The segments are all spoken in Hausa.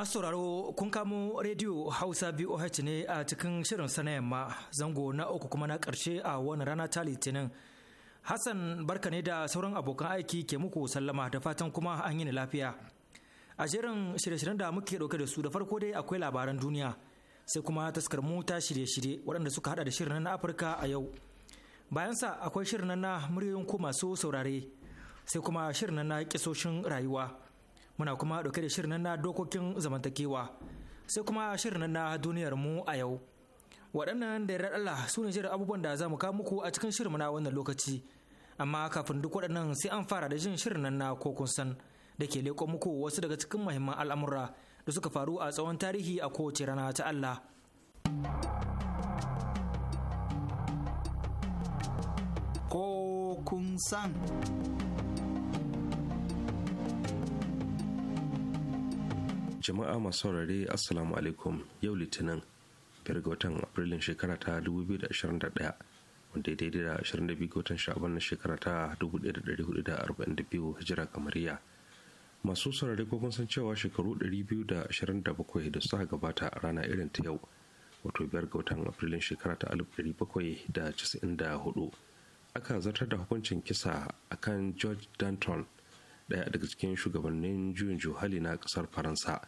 Masu sauraro kun kamo rediyo Hausa BOH ne a cikin shirin sana yamma zango na uku kuma na karshe a wani rana ta litinin. Hassan barka ne da sauran abokan aiki ke muku sallama da fatan kuma an yi lafiya. A jerin shirye-shiryen da muke ɗauke da su da farko dai akwai labaran duniya sai kuma taskar mu ta shirye-shirye waɗanda suka hada da shirin na Afirka a yau. Bayansa akwai shirin na muryoyin ku masu saurare sai kuma shirin na kisoshin rayuwa. muna kuma dauke da shirin na dokokin zamantakewa sai kuma shirin na duniyar mu a yau waɗannan da yarda Allah su ne jiran abubuwan da za mu kawo muku a cikin shirin na wannan lokaci amma kafin duk waɗannan sai an fara da jin shirin nan ko kun san da ke leƙo muku wasu daga cikin muhimman al'amura da suka faru a tsawon tarihi a kowace rana ta Allah. Ko kun san. jama'a masu saurare assalamu alaikum yau litinin biyar ga watan afrilun shekara ta 2021 wanda daidai da 22 ga watan sha'aban na shekara ta 1442 hijira kamariya masu saurare ko san cewa shekaru 227 da suka gabata a rana irin ta yau wato biyar ga watan afrilun shekara ta 1794 aka zartar da hukuncin kisa akan george danton Daya daga cikin shugabannin juyin juhali na ƙasar faransa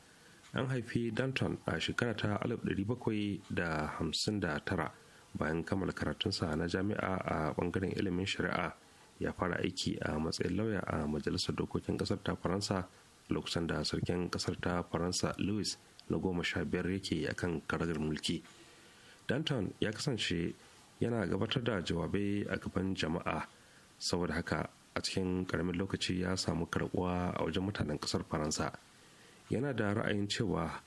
an haifi danton a shekara ta 1759 bayan kammala karatunsa na jami'a a bangaren ilimin shari'a ya fara aiki a matsayin lauya a majalisar dokokin ƙasar ta faransa lokacin da sarkin ƙasar ta faransa louis na goma sha biyar yake akan karagar mulki danton ya kasance yana gabatar da jawabai a gaban jama'a saboda haka a cikin karamin lokaci ya samu karbuwa a wajen mutanen kasar faransa yana da ra'ayin cewa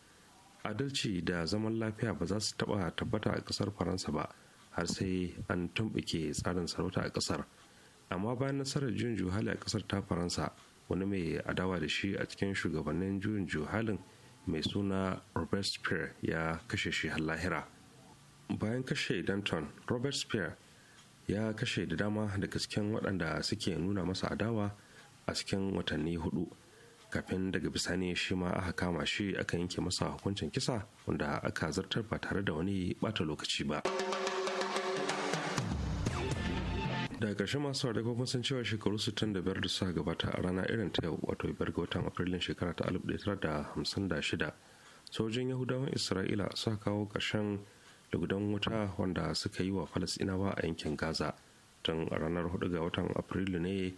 adalci da zaman lafiya ba za su taba tabbata a kasar faransa ba har sai an tumbuke tsarin sarauta a kasar amma bayan nasarar juyin juhali a kasar ta faransa wani mai adawa da shi a cikin shugabannin juyin juhalin mai suna robert spear ya kashe shi har lahira bayan kashe danton robert spear ya kashe da dama daga cikin waɗanda suke nuna masa adawa a cikin watanni hudu kafin daga bisani shi ma aka kama shi aka yanke masa hukuncin kisa wanda aka zartar ba tare da wani bata lokaci ba da ƙarshe masu da kuma sun cewa shekaru 65 da suka gabata a rana irin ta yau wato biyar ga watan afrilun shekara ta 1956 sojin yahudawan isra'ila suka kawo ƙarshen da gudan wuta wanda suka yi wa falasinawa a yankin gaza tun ranar 4 ga watan afrilu ne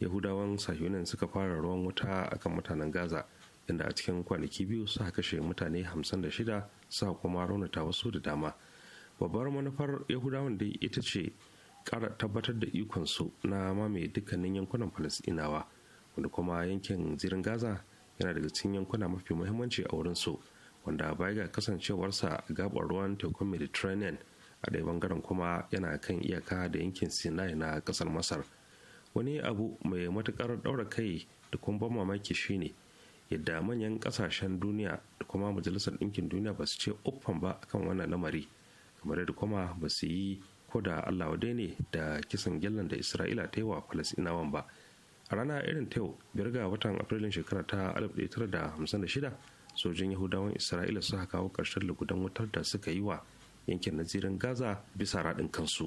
yahudawan sahunin suka fara ruwan wuta akan mutanen gaza inda a cikin kwanaki biyu suka kashe mutane 56 suka kuma raunata wasu da dama babbar manufar yahudawan dai ita ce kara tabbatar da ikonsu na mamaye dukkanin yankunan falasinawa wanda kuma yankin zirin gaza yana daga cikin yankuna mafi muhimmanci a wurinsu su wanda baya ga kasancewarsa a gabar ruwan tekun mediterranean a ɗaya bangaren kuma yana kan iyaka da yankin sinai na ƙasar masar wani abu mai matuƙar ɗaura kai da kuma ban mamaki shine yadda manyan ƙasashen duniya da kuma majalisar ɗinkin duniya ba su ce uffan ba kan wannan lamari kamar da kuma ba su yi ko da allah wadai ne da kisan gyallan da isra'ila ta yi wa falasinawan ba a rana irin ta yau biyar ga watan afrilun shekara ta 1956 sojin yahudawan isra'ila suka kawo ƙarshen lugudan wutar da suka yi wa yankin nazirin gaza bisa raɗin kansu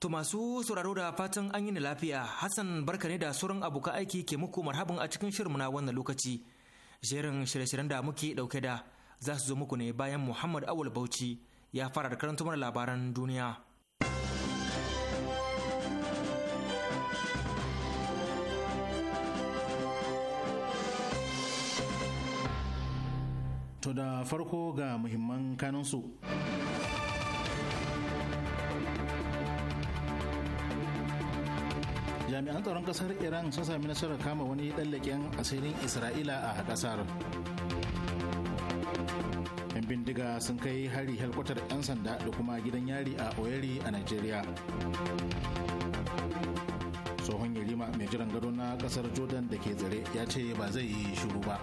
To masu sauraro da fatan an yi lafiya Hassan barka ne da sauran abokan aiki ke muku marhaban a cikin shirin na wannan lokaci. Jerin shirye-shiryen da muke dauke da za su zo muku ne bayan Muhammad Awul Bauchi ya fara da karantumar labaran duniya. To da farko ga muhimman kanunsu. jami'an tsaron kasar iran sun sami nasarar kama wani ɗallaken asirin isra'ila a kasar yan bindiga sun kai hari helkwatar 'yan sanda da kuma gidan yari a oyeri a nigeria tsohon yarima mai jiran gado na kasar jordan da ke tsare ya ce ba zai yi shiru ba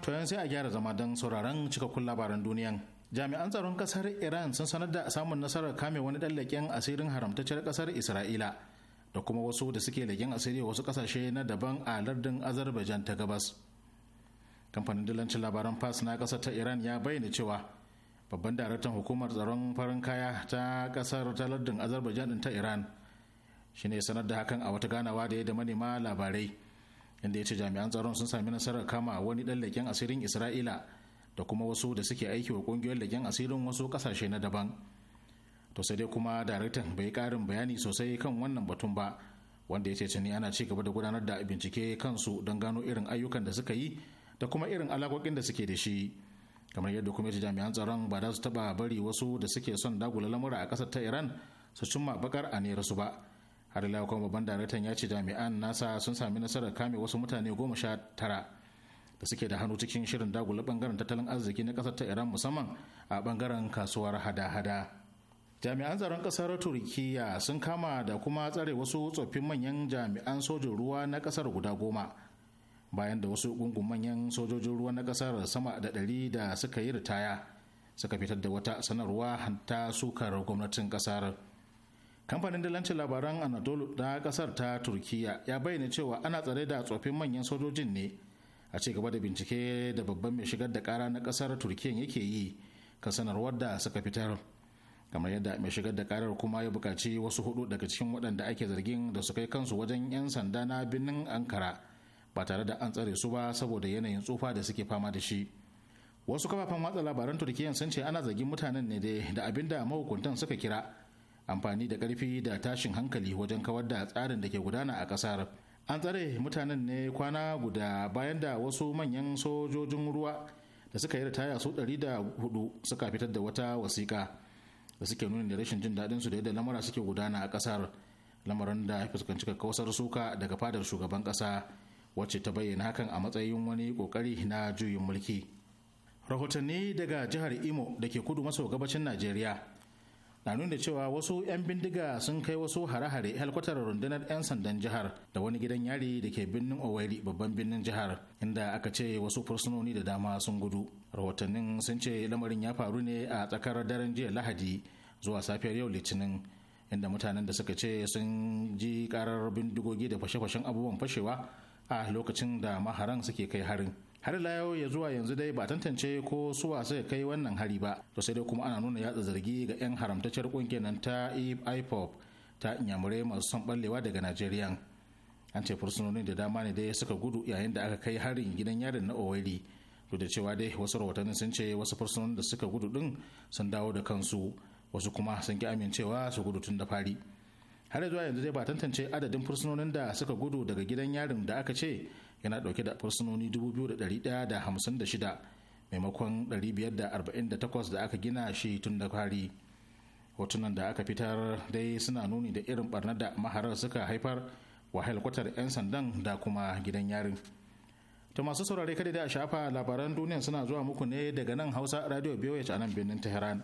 to sai a gyara zama don sauraron cikakkun labaran duniyan jami'an tsaron kasar iran sun sanar da samun nasarar kame wani dan leƙen asirin haramtacciyar kasar isra'ila da kuma wasu da suke lagen asiri wasu kasashe na daban a lardin azerbaijan ta gabas kamfanin dillancin labaran fas na kasar ta iran ya bayyana cewa babban daraktan hukumar tsaron farin kaya ta kasar ta lardin azerbaijan din ta iran shine sanar da hakan a wata ganawa da ya da manema labarai inda ya ce jami'an tsaron sun sami nasarar kama wani dan asirin isra'ila da kuma wasu da suke aiki wa kungiyoyin legen asirin wasu kasashe na daban to sai dai kuma daraktan bai karin bayani sosai kan wannan batun ba wanda ya ce tuni ana ci gaba da gudanar da bincike kansu don gano irin ayyukan da suka yi da kuma irin alakokin da suke da shi kamar yadda kuma ta jami'an tsaron ba za su taba bari wasu da suke son dagula lamura a ƙasar ta iran su cimma bakar a nera su ba har ila kuma babban daraktan ya ce jami'an nasa sun sami nasarar kame wasu mutane goma sha tara da suke da hannu cikin shirin dagula bangaren tattalin arziki na kasar ta iran musamman a bangaren kasuwar hada-hada jami'an tsaron kasar turkiya sun kama da kuma tsare wasu tsoffin manyan jami'an sojin ruwa na kasar guda goma bayan da wasu gungun manyan sojojin ruwa na kasar sama da ɗari da suka yi ritaya suka fitar da wata sanarwa ta sukar gwamnatin kasar kamfanin dalancin labaran anadolu na kasar ta turkiya ya bayyana cewa ana tsare da tsoffin manyan sojojin ne a ci gaba da bincike da babban mai shigar da kara na kasar turkiyan yake yi ka sanarwar da suka fitar kamar yadda mai shigar da karar kuma ya bukaci wasu hudu daga cikin waɗanda ake zargin da su kai kansu wajen 'yan sanda na birnin ankara ba tare da an tsare su ba saboda yanayin tsufa da suke fama da shi wasu kafafen watsa labaran turkiyan sun ce ana zargin mutanen ne da abin da mahukuntan suka kira amfani da karfi da tashin hankali wajen kawar da tsarin da ke gudana a ƙasar. an tsare mutanen ne kwana guda bayan da wasu manyan sojojin ruwa da suka yi ritaya su ɗari da hudu suka fitar da wata wasiƙa da suke nuna da rashin jin daɗin su da yadda lamura suke gudana a ƙasar lamarin da ya fuskanci kawasar suka daga fadar shugaban ƙasa wacce ta bayyana hakan a matsayin wani ƙoƙari na juyin mulki rahotanni daga jihar imo da ke kudu maso gabacin najeriya na nuna cewa wasu 'yan bindiga sun kai wasu hare-hare halkwatar rundunar 'yan sandan jihar da wani gidan yari da ke birnin owerri babban birnin jihar inda aka ce wasu fursunoni da dama sun gudu rahotannin sun ce lamarin ya faru ne a tsakar daren jiya lahadi zuwa safiyar yau litinin inda mutanen da suka ce sun ji karar bindigogi da fashe-fashen abubuwan fashewa a lokacin da maharan suke kai harin har layo ya zuwa yanzu dai ba tantance ko suwa ya kai wannan hari ba to sai dai kuma ana nuna yatsa zargi ga 'yan haramtacciyar kungiyar nan ta ipop ta inyamurai masu son ballewa daga nigeria an ce fursunonin da dama ne dai suka gudu yayin da aka kai harin gidan yarin na owari duk da cewa dai wasu rahotannin sun ce wasu fursunonin da suka gudu din sun dawo da kansu wasu kuma sun ki amincewa su gudu tun da fari har zuwa yanzu dai ba tantance adadin fursunonin da suka gudu daga gidan yarin da aka ce yana dauke da fursunoni 2,156 maimakon 548 da aka gina shi tun da fari hotunan da aka fitar dai suna nuni da irin barna da maharar suka haifar wa kwatar 'yan sandan da kuma gidan yarin ta masu saurare kada da a shafa labaran duniya suna zuwa muku ne daga nan hausa radio biyoyi a nan birnin tehran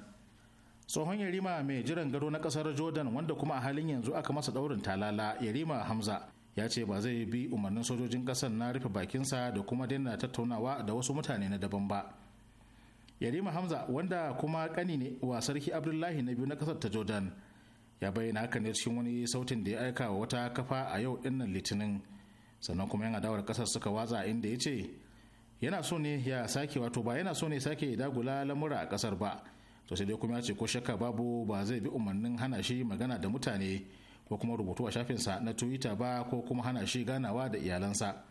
tsohon yarima mai jiran gado na kasar jordan wanda kuma a halin yanzu aka masa daurin talala yarima hamza ya ce ba zai bi umarnin sojojin kasar na rufe bakinsa da kuma daina tattaunawa da wasu mutane na daban ba yarima hamza wanda kuma kani ne wa sarki abdullahi na biyu na kasar ta jordan ya bayyana haka ne cikin wani sautin da ya aika wa wata kafa a yau dinnan litinin sannan kuma yan adawar kasar suka watsa inda ya ce yana so ne ya sake wato ba yana so ne sake dagula lamura a kasar ba to sai dai kuma ya ce ko shakka babu ba zai bi umarnin hana shi magana da mutane ko kuma rubutu a shafinsa na twitter ba ko kuma hana shi ganawa da iyalansa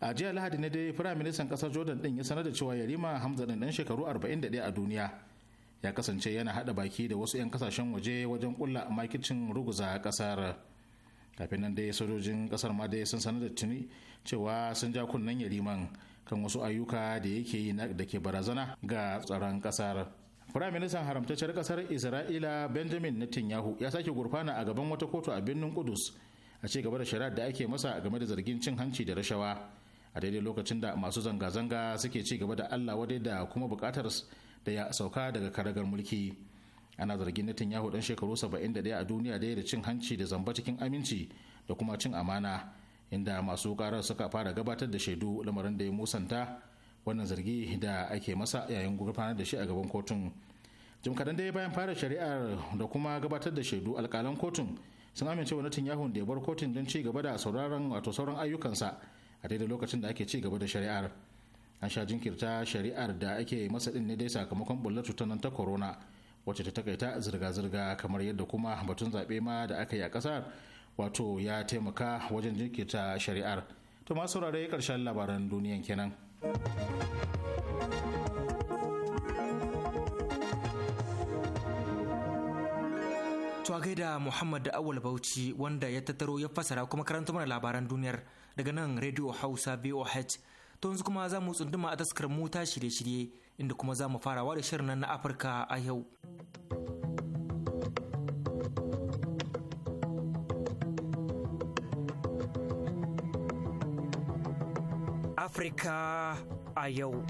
a jiya lahadi ne dai firayim ministan kasar jordan din ya sanar da cewa yarima hamza din dan shekaru 41 a duniya ya kasance yana hada baki da wasu 'yan kasashen waje wajen kulla makicin ruguza kasar kafin nan dai sojojin kasar ma dai sun sanar da tuni cewa sun ja kunnen yariman kan wasu ayyuka da yake yi da ke barazana ga tsaron kasar firaministan Ministan haramtacciyar kasar Isra'ila Benjamin Netanyahu ya sake gurfana a gaban wata kotu a birnin Kudus a ci gaba da shari'ar da ake masa game da zargin cin hanci da rashawa a daidai lokacin da masu zanga-zanga suke ci gaba da Allah wadai da kuma bukatar da ya sauka daga karagar mulki. Ana zargin Netanyahu dan shekaru 71 a duniya daya da cin hanci da zamba cikin aminci da kuma cin amana inda masu karar suka fara gabatar da shaidu lamarin da ya musanta wannan zargi da ake masa yayin gurfanar da shi a gaban kotun jim kadan dai bayan fara shari'ar da kuma gabatar da shaidu alkalan kotun sun amince wa yahun da ya bar kotun don ci gaba da sauraron wato sauran ayyukansa a daidai lokacin da ake ci gaba da shari'ar an sha jinkirta shari'ar da ake masa din ne dai sakamakon bullar cutar nan ta corona wacce ta takaita zirga-zirga kamar yadda kuma batun zaɓe ma da aka yi a ƙasar wato ya taimaka wajen jinkirta shari'ar to masu saurare ƙarshen labaran duniyan kenan. To gaida Muhammad da Awal Bauchi wanda ya tattaro ya fasara kuma karanta mana labaran duniyar daga nan Radio Hausa VOH. To yanzu kuma za mu tsunduma a taskar mu ta shirye-shirye inda kuma za mu farawa da shirin nan na Afirka a yau. Afirka a yau.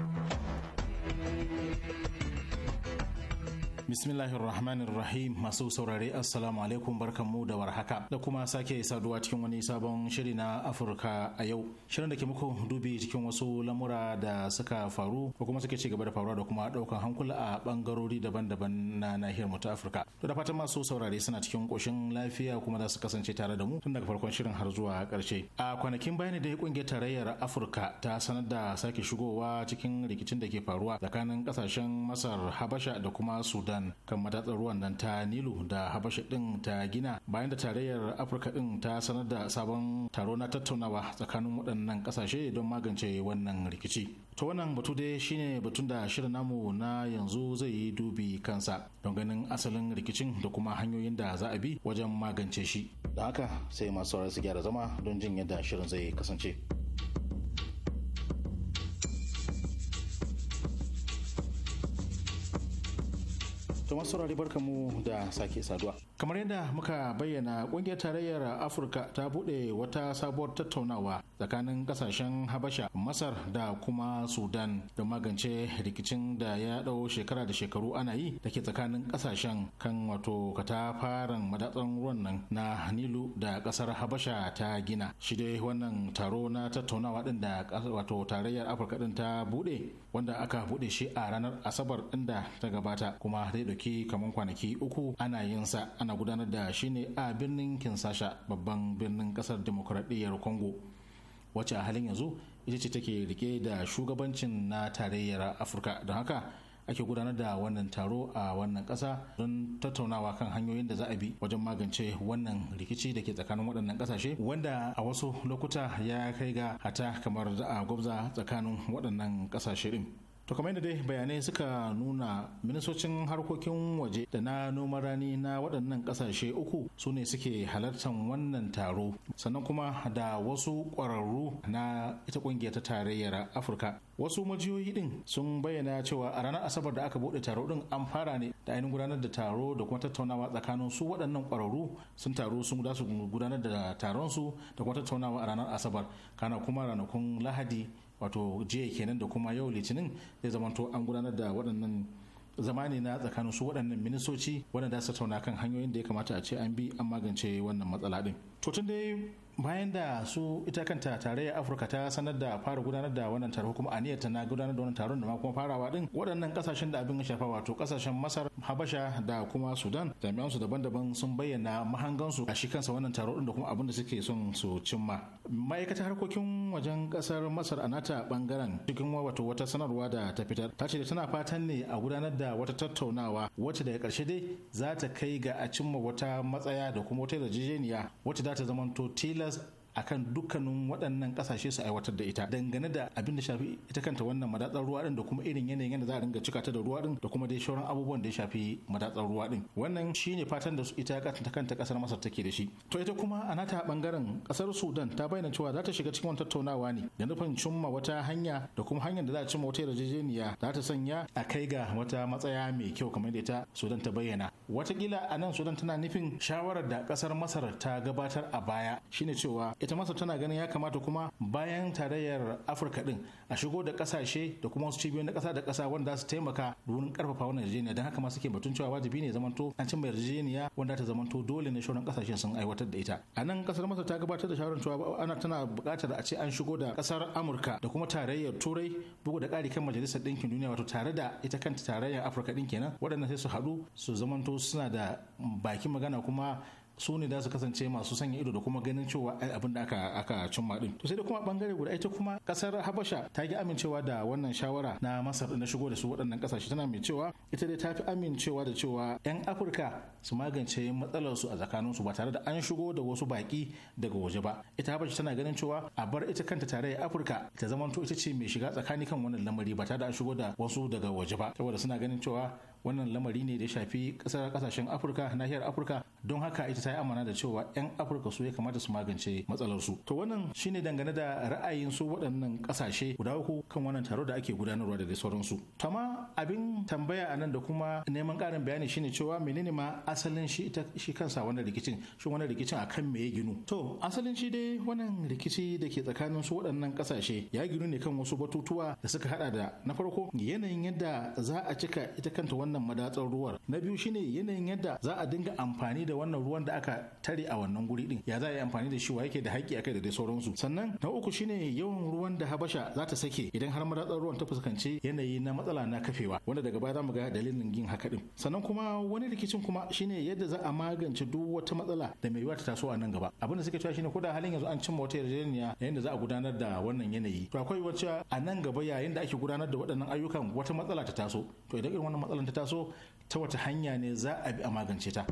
Bismillahirrahmanirrahim masu saurare assalamu alaikum barkan mu da warhaka da kuma sake saduwa cikin wani sabon shiri na Afirka a yau. Shirin da ke muku dubi cikin wasu lamura da suka faru ko kuma suke ci gaba da faruwa da kuma daukan hankula a bangarori daban-daban na nahiyar mu ta Afirka. To da fatan masu saurare suna cikin koshin lafiya kuma za su kasance tare da mu tun daga farkon shirin har zuwa karshe. A kwanakin bayani da kungiyar tarayyar Afirka ta sanar da sake shigowa cikin rikicin da ke faruwa tsakanin kasashen Masar, Habasha da kuma Sudan. sudan kan matatsar ruwan nan ta nilu da habasha din ta gina bayan da tarayyar afirka din ta sanar da sabon taro na tattaunawa tsakanin waɗannan ƙasashe don magance wannan rikici to wannan batu dai shine batun da shirin namu na yanzu zai yi dubi kansa don ganin asalin rikicin da kuma hanyoyin da za a bi wajen magance shi da haka sai masu su gyara zama don jin yadda shirin zai kasance. to masu saurari mu da sake saduwa kamar yadda muka bayyana kungiyar tarayyar afirka ta bude wata sabuwar tattaunawa tsakanin kasashen habasha masar da kuma sudan don magance rikicin da ya dau shekara da shekaru ana yi da ke tsakanin kasashen kan wato katafaren madatsan ruwan nan na nilu da kasar habasha ta gina shi dai wannan taro na tattaunawa din da wato tarayyar afirka din ta bude wanda aka bude shi a ranar asabar din da ta gabata kuma zai ciki kamar kwanaki uku ana yin sa ana gudanar da shi ne a birnin kinsasha babban birnin kasar demokuraɗiyyar kongo wacce a halin yanzu ita ce take rike da shugabancin na tarayyar afirka don haka ake gudanar da wannan taro a wannan ƙasa don tattaunawa kan hanyoyin da za a bi wajen magance wannan rikici da ke tsakanin waɗannan ƙasashe wanda a wasu lokuta ya kai ga hata kamar za a gwabza tsakanin waɗannan ƙasashe ɗin To kamar yadda dai bayanai suka nuna ministocin harkokin waje da na noman rani na waɗannan ƙasashe uku su ne suke halartar wannan taro sannan kuma da wasu ƙwararru na ita ƙungiyar ta tarayyar Afirka. Wasu majiyoyi din sun bayyana cewa a ranar Asabar da aka buɗe taro ɗin an fara ne da ainihin gudanar da taro da kuma tattaunawa tsakanin su waɗannan ƙwararru sun taro sun gudanar da taron su da kuma tattaunawa a ranar Asabar kana kuma ranakun Lahadi wato jiya kenan da kuma yau litinin zai zamanto an gudanar da waɗannan zamani na tsakanin su waɗannan ministoci waɗanda su tauna kan hanyoyin da ya kamata a ce an bi an magance wannan matsala din. To tun dai bayan da su ita kanta tarayyar afirka ta sanar da fara gudanar da wannan taro kuma aniyar ta na gudanar da wannan taron da ma kuma farawa din waɗannan kasashen da abin ya shafa wato kasashen masar habasha da kuma sudan jami'an daban-daban sun bayyana mahangansu a shi kansa wannan taro din da kuma abin da suke son su cimma ma'aikatar harkokin wajen kasar masar a nata bangaren cikin wato wata sanarwa da ta fitar ta ce da tana fatan ne a gudanar da wata tattaunawa wacce daga ƙarshe dai za ta kai ga a cimma wata matsaya da kuma wata yarjejeniya wacce za ta zamanto tilas las akan dukkanin waɗannan ƙasashe su aiwatar da ita dangane da abin da shafi ita kanta wannan madatsar ruwa din da kuma irin yanayin yadda za a ringa cika ta da ruwa din da kuma dai shauran abubuwan da ya shafi madatsar ruwa din wannan shine fatan da su ita kanta kanta kasar Masar take da shi to ita kuma a nata bangaren ƙasar Sudan ta bayyana cewa za ta shiga cikin tattaunawa ne da nufin cimma wata hanya da kuma hanyar da za a cimma wata yarjejeniya za ta sanya a kai ga wata matsaya mai kyau kamar da ita Sudan ta bayyana watakila a nan Sudan tana nufin shawarar da kasar Masar ta gabatar a baya shine cewa ita masar tana ganin ya kamata kuma bayan tarayyar afirka din a shigo da kasashe da kuma wasu cibiyoyin na kasa da kasa wanda su taimaka domin karfafa wannan yarjejeniya don haka ma suke batun cewa wajibi ne zamanto an cimma yarjejeniya wanda ta zamanto dole ne shauran kasashen sun aiwatar da ita a nan kasar masar ta gabatar da shawarar cewa ana tana bukatar a ce an shigo da kasar amurka da kuma tarayyar turai bugu da ƙari kan majalisar ɗinkin duniya wato tare da ita kanta tarayyar afirka din kenan waɗannan sai su haɗu su zamanto suna da bakin magana kuma su ne da su kasance masu sanya ido da kuma ganin cewa abin da aka aka cimma din to sai da kuma bangare guda ita kuma kasar habasha ta ki amincewa da wannan shawara na masar na shigo da su waɗannan kasashe tana mai cewa ita dai ta fi amincewa da cewa yan afirka su magance matsalar su a tsakanin su ba tare da an shigo da wasu baki daga waje ba ita habasha tana ganin cewa a bar ita kanta tare da afirka ta zamanto ita ce mai shiga tsakani kan wannan lamari ba tare da an shigo da wasu daga waje ba saboda suna ganin cewa wannan lamari ne da ya shafi kasar kasashen afirka nahiyar afirka don haka ita ta yi amana da cewa 'yan afirka su ya kamata su magance matsalarsu to wannan shine dangane da ra'ayin su waɗannan ƙasashe guda uku kan wannan taro da ake gudanarwa da sauransu tama abin tambaya a nan da kuma neman ƙarin bayani shine cewa menene ma asalin shi ita shi kansa wannan rikicin shi wannan rikicin akan me ya ginu to asalin shi dai wannan rikici da ke tsakanin su waɗannan ƙasashe ya ginu ne kan wasu batutuwa da suka hada da na farko yanayin yadda za a cika ita kanta wannan madatsar ruwar na biyu shine yanayin yadda za a dinga amfani da da wannan ruwan da aka tare a wannan guri din ya za a yi amfani da shi wa yake da haƙƙi akai da dai sauransu sannan na uku shine yawan ruwan da habasha za ta sake idan har madatsar ruwan ta fuskanci yanayi na matsala na kafewa wanda daga baya za mu ga dalilin yin haka din sannan kuma wani rikicin kuma shine yadda za a magance duk wata matsala da mai yiwuwa ta taso a nan gaba abin da suke cewa shine koda halin yanzu an cimma wata yarjejeniya yayin da za a gudanar da wannan yanayi to akwai wacce a nan gaba yayin da ake gudanar da waɗannan ayyukan wata matsala ta taso to idan irin wannan matsalan ta taso ta wata hanya ne za a bi a magance ta.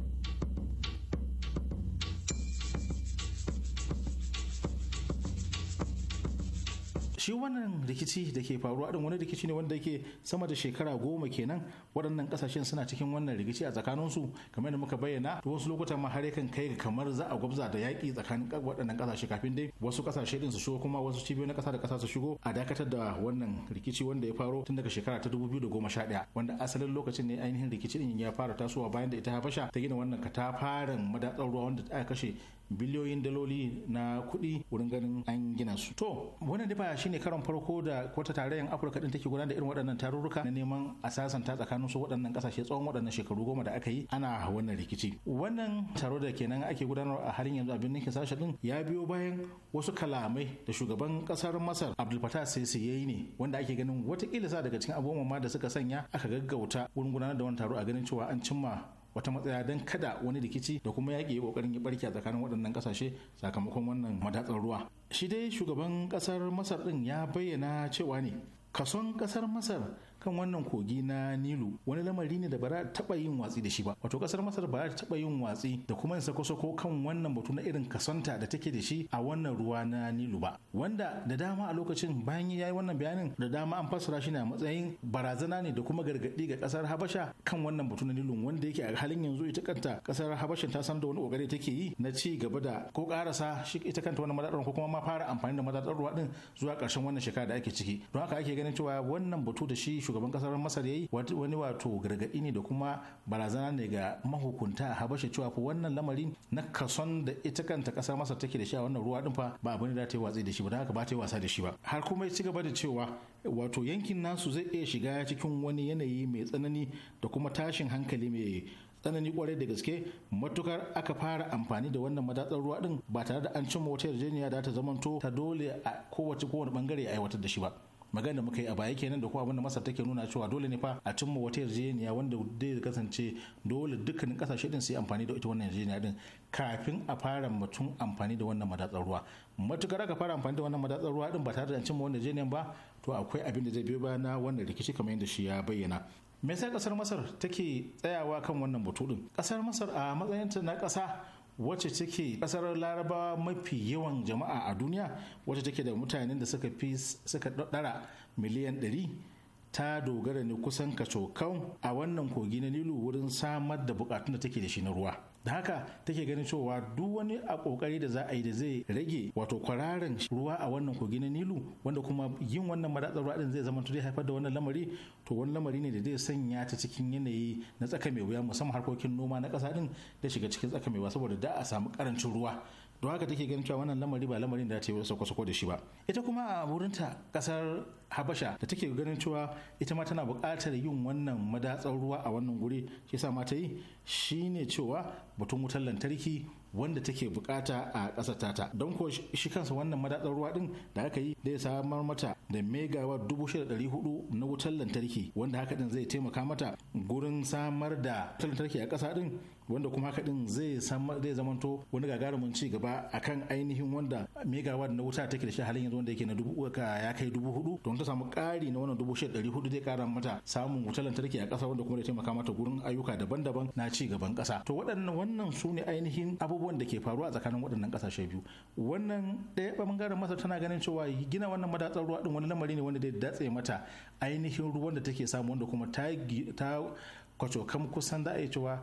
shi wannan rikici da ke faruwa din wani rikici ne wanda yake sama da shekara goma kenan waɗannan ƙasashen suna cikin wannan rikici a tsakaninsu kamar da muka bayyana wasu lokutan ma har yakan kai kamar za a gwabza da yaƙi tsakanin waɗannan ƙasashe kafin dai wasu ƙasashe din su shigo kuma wasu cibiyoyi na ƙasa da ƙasa su shigo a dakatar da wannan rikici wanda ya faro tun daga shekara ta 2011 wanda asalin lokacin ne ainihin rikici din ya fara tasowa bayan da ita Habasha ta gina wannan katafaren madatsar ruwa wanda aka kashe biliyoyin daloli na kuɗi wurin ganin an gina su to wannan dafa ne karon farko da kwata tarayyar afirka ɗin take gudanar da irin waɗannan tarurruka na neman a sasanta tsakanin su waɗannan ƙasashe tsawon waɗannan shekaru goma da aka yi ana wannan rikici wannan taro da kenan ake gudanar a halin yanzu abin ninkin sashe ɗin ya biyo bayan wasu kalamai da shugaban ƙasar masar abdul fatah ya yi ne wanda ake ganin watakila sa daga cikin abubuwan ma da suka sanya aka gaggauta wurin gudanar da wani taro a ganin cewa an cimma wata matsaya don kada wani rikici da kuma yaƙi ya ƙoƙarin ya barke a tsakanin waɗannan ƙasashe sakamakon wannan madatsar ruwa shi dai shugaban ƙasar masar ɗin ya bayyana cewa ne kason ƙasar masar kan wannan kogi na nilu wani lamari ne da ba za taɓa yin watsi da shi ba wato ƙasar masar ba za ta taɓa yin watsi da kuma yin sako-sako kan wannan batu na irin kasanta da take da shi a wannan ruwa na nilu ba wanda da dama a lokacin bayan ya yi wannan bayanin da dama an fassara shi ne a matsayin barazana ne da kuma gargaɗi ga ƙasar habasha kan wannan batu na nilu wanda yake a halin yanzu ita kanta ƙasar habasha ta san da wani ƙoƙari take yi na ci gaba da ko ƙarasa shi ita kanta wannan madatsar ko kuma ma fara amfani da matsalar ruwa din zuwa ƙarshen wannan shekara da ake ciki don haka ake ganin cewa wannan batu da shi shugaban kasar masar ya yi wani wato gargaɗi ne da kuma barazana ne ga mahukunta a habasha cewa fa wannan lamari na kason da ita kanta kasar masar take da shi a wannan ruwa din fa ba abin da ta yi watsi da shi ba haka ba ta yi wasa da shi ba har kuma ya ci gaba da cewa wato yankin nasu zai iya shiga cikin wani yanayi mai tsanani da kuma tashin hankali mai tsanani kwarai da gaske matukar aka fara amfani da wannan madatsar ruwa din ba tare da an cimma wata yarjejeniya da ta zamanto ta dole a kowace kowane bangare a aiwatar da shi ba magana da muka yi a baya kenan da kuma abin da masar take nuna cewa dole ne fa a cimma wata yarjejeniya wanda zai kasance dole dukkanin kasashe din su yi amfani da ita wannan yarjejeniya din kafin a fara mutum amfani da wannan madatsar ruwa matukar aka fara amfani da wannan madatsar ruwa din ba tare da an cimma wannan yarjejeniyan ba to akwai abin da zai biyo baya na wannan rikici kamar yadda shi ya bayyana me yasa kasar masar take tsayawa kan wannan batu din kasar masar a matsayinta na kasa wacce take kasar larabawa mafi yawan jama'a a duniya wacce take da mutanen da suka fi suka dara miliyan ɗari. ta dogara ne kusan kacokan a wannan kogi na nilu wurin samar da bukatun da take da shi na ruwa da haka take ganin cewa duk wani a kokari da za a yi da zai rage wato kwararan ruwa a wannan kogi na nilu wanda kuma yin wannan madatsar ruwa din zai zama zai haifar da wannan lamari to wani lamari ne da zai sanya ta cikin yanayi na tsaka mai wuya musamman harkokin noma na kasa din da shiga cikin tsaka mai wuya saboda da a samu karancin ruwa don haka take ganin cewa wannan lamari ba lamarin da ta yi sako-sako da shi ba ita kuma a wurinta kasar habasha da take ganin cewa ita ma tana buƙatar yin wannan madatsar ruwa a wannan guri shi sa ma ta yi shine cewa batun wutar lantarki wanda take bukata a ƙasar tata don ko shi kansa wannan madatsar ruwa din da aka yi zai samar mata da megawa dubu shida dari hudu na wutar lantarki wanda haka din zai taimaka mata gurin samar da wutar lantarki a kasa din wanda kuma haka din zai zai zamanto wani gagarumin ci gaba akan ainihin wanda megawatt na wuta take da shi halin yanzu wanda yake na dubu ka ya kai dubu hudu don ta samu ƙari na wannan dubu shida ɗari hudu zai ƙara mata samun wutar lantarki a ƙasa wanda kuma da taimaka mata gurin ayyuka daban-daban na ci gaban ƙasa to waɗannan wannan su ne ainihin abubuwan da ke faruwa a tsakanin waɗannan ƙasashe biyu wannan ɗaya ɓangaren masar tana ganin cewa gina wannan madatsar ruwa ɗin wani lamari ne wanda zai datse mata ainihin ruwan da take samu wanda kuma ta kusan da a yi cewa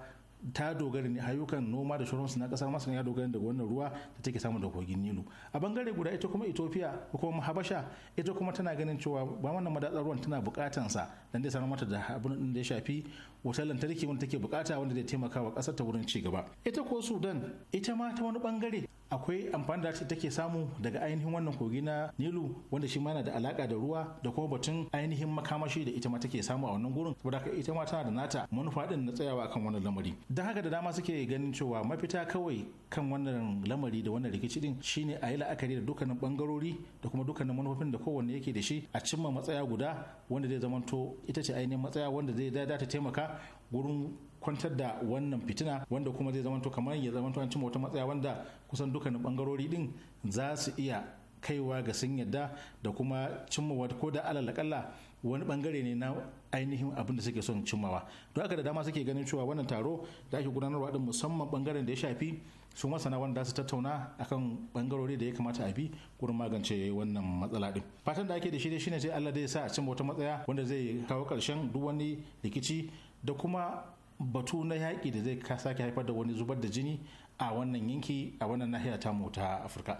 ta dogara ne ayyukan noma da shoransu na kasar masu ya dogara daga wannan ruwa da take samu da kogin nilu a bangare guda ita kuma ethiopia ko kuma habasha ita kuma tana ganin cewa ba wannan madatsar ruwan tana bukatansa. dan dai samar mata da abin din da ya shafi wutar lantarki wanda take bukata wanda zai taimaka wa kasar ta wurin ci gaba ita ko sudan ita ma ta wani bangare akwai amfani da take samu daga ainihin wannan kogi na nilu wanda shi ma yana da alaka da ruwa da kuma batun ainihin makamashi da ita ma take samu a wannan gurin saboda haka ita ma tana da nata manufa din na tsayawa kan wannan lamari da haka da dama suke ganin cewa mafita kawai kan wannan lamari da wannan rikici din shine a yi la'akari da dukkanin bangarori da kuma dukkanin manufofin da kowanne yake da shi a cimma matsaya guda wanda zai zamanto ita ce ainihin matsaya wanda zai da ta taimaka gurin kwantar da wannan fitina wanda kuma zai zamanto kamar ya zamanto an cimma wata matsaya wanda kusan dukkanin bangarori din za su iya kaiwa ga sun yadda da kuma cimma wata ko da alalakalla wani bangare ne na ainihin abin da suke son cimmawa don haka da dama suke ganin cewa wannan taro da ake gudanarwa din musamman bangaren da ya shafi su masana wanda su tattauna akan bangarori da ya kamata a bi gurin magance wannan matsala din fatan da ake da shi dai shine sai Allah zai sa a cimma wata matsaya wanda zai kawo karshen duk wani rikici da kuma batu na yaƙi da zai sake haifar da wani zubar da jini a wannan yanki a wannan nahiya ta mu ta Afirka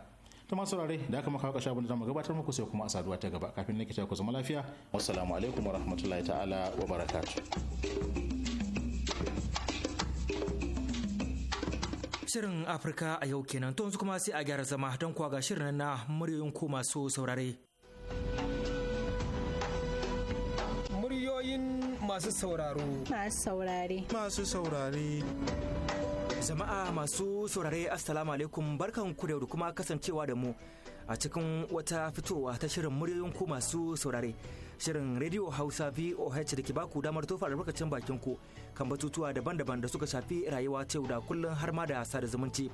ta masu saurare da aka maka kasha abinda da zamu gabatar muku sai kuma a saduwa ta gaba kafin na ta ku zama lafiya wassalamu alaikum warahmatullahi ta'ala wa barakatuh Shirin Afirka a yau kenan to yanzu kuma sai a gyara zama don kuwa ga shirin na muryoyin ku masu saurare. Muryoyin masu sauraro. Masu saurare. Masu saurare. Jama'a masu saurare Assalamu alaikum barkan ku da kuma kasancewa da mu. a cikin wata fitowa ta shirin muryoyin ku masu saurare shirin rediyo hausa voh da ke baku damar tofa albarkacin bakin ku kan batutuwa daban-daban da suka shafi rayuwa ta yau da kullum har ma da sada zumunci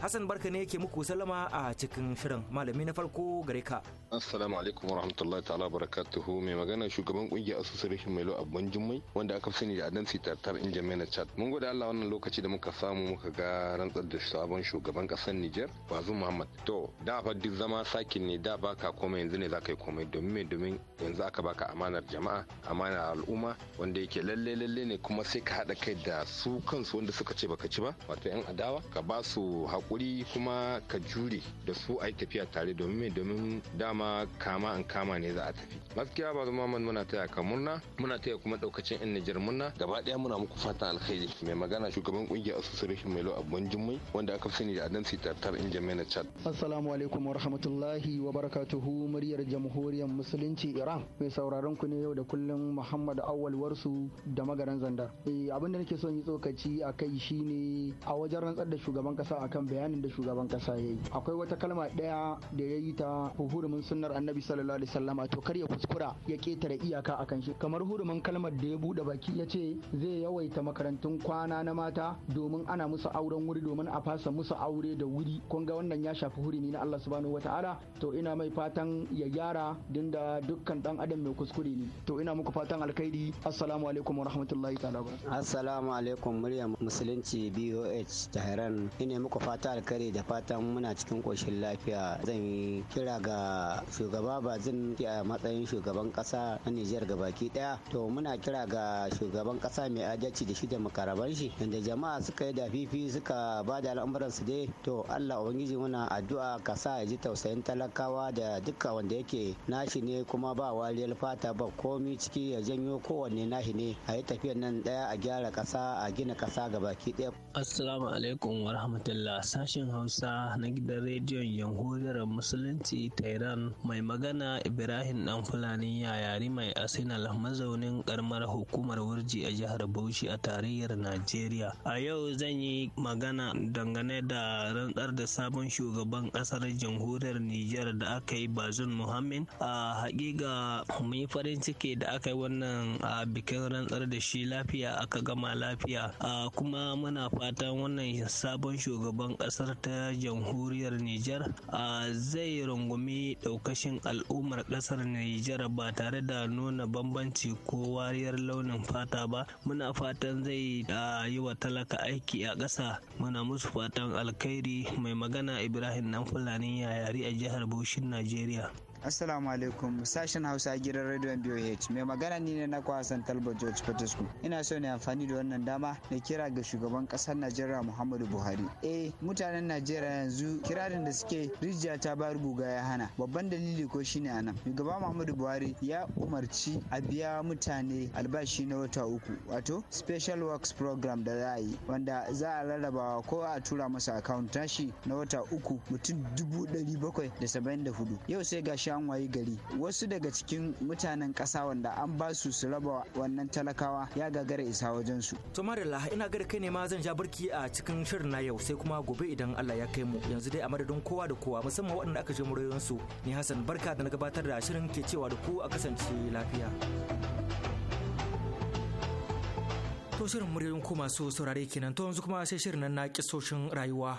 Hassan barka ne yake muku salama a cikin shirin malami na farko gare ka. Assalamu alaikum rahmatullahi ta'ala barakatuhu mai magana shugaban kungiyar association lo'a ban Jummai wanda aka fi sani da Adansi Tartar Injamena Chat. Mun gode Allah wannan lokaci da muka samu muka ga rantsar da sabon shugaban kasar Niger Bazoum Muhammad. To da fa duk zama sakin ne da baka komai yanzu ne ka yi komai domin me domin yanzu aka baka amanar jama'a amanar al'umma wanda yake lalle lalle ne kuma sai ka haɗa kai da su kansu wanda suka ce baka ci ba wato yan adawa ka ba su hakuri kuma ka jure da su a yi tafiya tare domin mai domin dama kama an kama ne za a tafi gaskiya ba zama man muna taya ka murna muna taya kuma daukacin yan Nijar murna gaba daya muna muku fatan alkhairi mai magana shugaban kungiyar association Melo ban Jummai wanda aka fi sani da Adansi in Injamai na Chad assalamu alaikum wa rahmatullahi wa barakatuhu muryar jamhuriyar musulunci Iran mai sauraron ku ne yau da kullum Muhammad Awal Warsu da magaran Zandar eh abinda nake son yi tsokaci a kai shine a wajen rantsar da shugaban kasa akan bayan bayanin da shugaban kasa ya yi akwai wata kalma ɗaya da ya yi ta hurumin sunnar annabi sallallahu alaihi wasallama to kar ya kuskura ya ketare iyaka akan shi kamar hurumin kalmar da ya buɗe baki ya ce zai yawaita makarantun kwana na mata domin ana musu auren wuri domin a fasa musu aure da wuri kun ga wannan ya shafi hurumi na Allah subhanahu wataala to ina mai fatan ya gyara dinda dukkan dan adam mai kuskure ne to ina muku fatan alkhairi assalamu alaikum wa rahmatullahi ta'ala assalamu alaikum muryar musulunci BOH Tehran ina muku fatan fata alkare da fatan muna cikin koshin lafiya zan yi kira ga shugaba bazin a matsayin shugaban kasa na Nijar baki daya to muna kira ga shugaban kasa mai adalci da shi da makaraban shi inda jama'a suka yi dafifi suka ba da al'amuran su dai to Allah ubangiji muna addu'a ka sa ya ji tausayin talakawa da duka wanda yake nashi ne kuma ba wariyar fata ba komi ciki ya janyo kowanne nashi ne a yi tafiyar nan daya a gyara kasa a gina kasa baki daya assalamu alaikum wa rahmatullah sashen Hausa na gidan rediyon yunhuriyar Musulunci ta mai magana Ibrahim Dan Fulani yari mai Arsenal mazaunin karamar hukumar Wurji a jihar Bauchi a tarayyar Najeriya. A yau zan yi magana dangane da rantsar da sabon shugaban kasar jamhuriyar Nijar da aka yi Bazoum Muhammad a hakika mun farin ciki da aka yi wannan a bikin rantsar da shi lafiya aka gama lafiya a kuma muna fatan wannan sabon shugaban Ƙasar ta jamhuriyar Nijar a zai rungumi daukashin al'ummar ƙasar Nijar ba tare da nuna bambanci ko wariyar launin fata ba muna fatan zai yi wa talaka aiki a ƙasa muna musu fatan alkhairi mai magana Ibrahim nan Fulani yayari a jihar Bushin Najeriya. Assalamu alaikum sashen Hausa gidan rediyon BOH mai magana ni ne na kwasan Talba George Patescu. Ina so ne amfani da wannan dama na kira ga shugaban kasar Najeriya Muhammadu Buhari. Eh mutanen Najeriya yanzu kirarin da suke rijiya ta bar guga ya hana. Babban dalili ko shine anan. Shugaba Muhammadu Buhari ya umarci a biya mutane albashi na wata uku wato special works program da za yi wanda za a rarrabawa ko a tura masa account tashi na wata uku mutum dubu ɗari bakwai da saba'in da hudu. Yau sai gashi gashi gari wasu daga cikin mutanen ƙasa wanda an ba su su raba wannan talakawa ya gagara isa wajen su. to marilla ina gada kai ne ma zan ja barki a cikin shirin na yau sai kuma gobe idan Allah ya kai mu yanzu dai a madadin kowa da kowa musamman waɗanda aka je murayensu ni Hassan barka da na gabatar da shirin ke cewa da ku a kasance lafiya. To shirin muryoyin ku masu saurare kenan to yanzu kuma sai shirin nan na kisoshin rayuwa.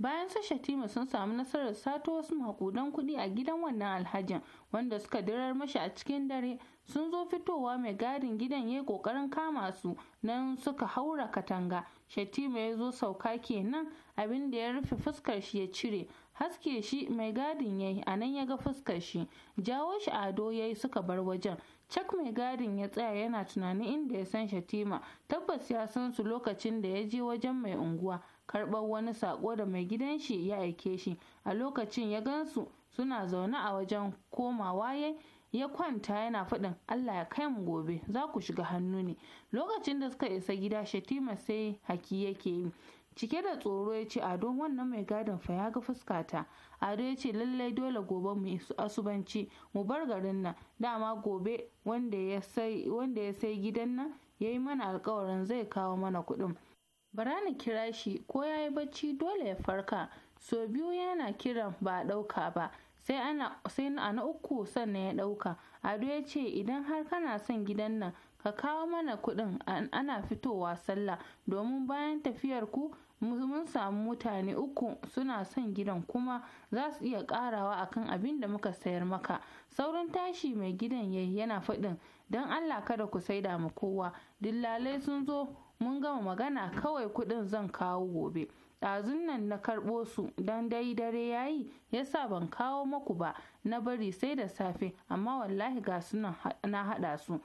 bayan su shatima sun samu nasarar sato wasu makudan kuɗi a gidan wannan alhajin wanda suka dirar mashi a cikin dare sun zo fitowa mai gadin gidan ya kokarin kama su nan suka haura katanga shatima ya zo sauka kenan abin da ya rufe fuskar shi ya cire haske shi mai gadin ya yi a nan ya ga fuskar shi jawo shi ado ya yi suka bar wajen cak mai gadin ya tsaya yana tunanin inda ya san shatima tabbas ya san su lokacin da ya je wajen mai unguwa karɓar wani saƙo da mai gidan shi ya aike shi a lokacin ya gansu suna zaune a wajen komawa ya ya kwanta yana faɗin Allah ya kai mu gobe za ku shiga hannu ne lokacin da suka isa gida shatima sai haki yake yi cike da tsoro ya ce ado wannan mai gadon fa ya ga fuskata ado ya ce lallai dole gobe mu asubanci mu bar garin nan dama gobe wanda ya sai gidan nan ya yi mana alkawarin zai kawo mana kuɗin bara na kira shi ko ya yi bacci dole ya farka so biyu yana kiran ba a ɗauka ba sai a na uku sannan ya ɗauka ado ya ce idan har kana son gidan nan ka kawo mana kuɗin ana fitowa sallah domin bayan tafiyar ku mun samu mutane uku suna son gidan kuma za su iya karawa akan abin da muka sayar maka saurin tashi mai gidan yayi yana faɗin don allah kada ku saida ma kowa dillalai sun zo mun gama magana kawai kuɗin zan kawo gobe ɗazun nan na karɓo su don dai dare yayi yasa ban kawo maku ba na bari sai da safe amma wallahi ga sunan na haɗa su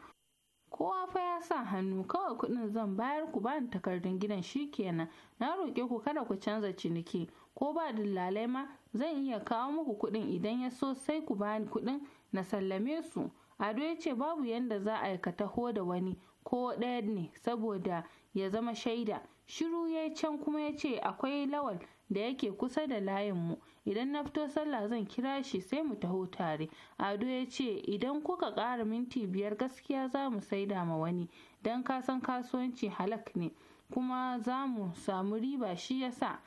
kowa fa ya sa hannu kawai kuɗin zan bayar ku bani takardun gidan shikenan na roƙe ku kada ku canza ciniki ko ba dillalai ma zan iya kawo muku kuɗin idan ya so sai ku bani kuɗin na sallame su ado ya ce babu yadda za a aika taho da wani ko ɗaya ne saboda ya zama shaida shiru ya yi can kuma ya ce akwai lawal da yake kusa da layinmu idan na fito sallah zan kira shi sai mu taho tare ado ya ce idan kuka ƙara minti biyar gaskiya za mu saida ma wani don kasan kasuwanci halak ne kuma za mu samu riba shi ya sa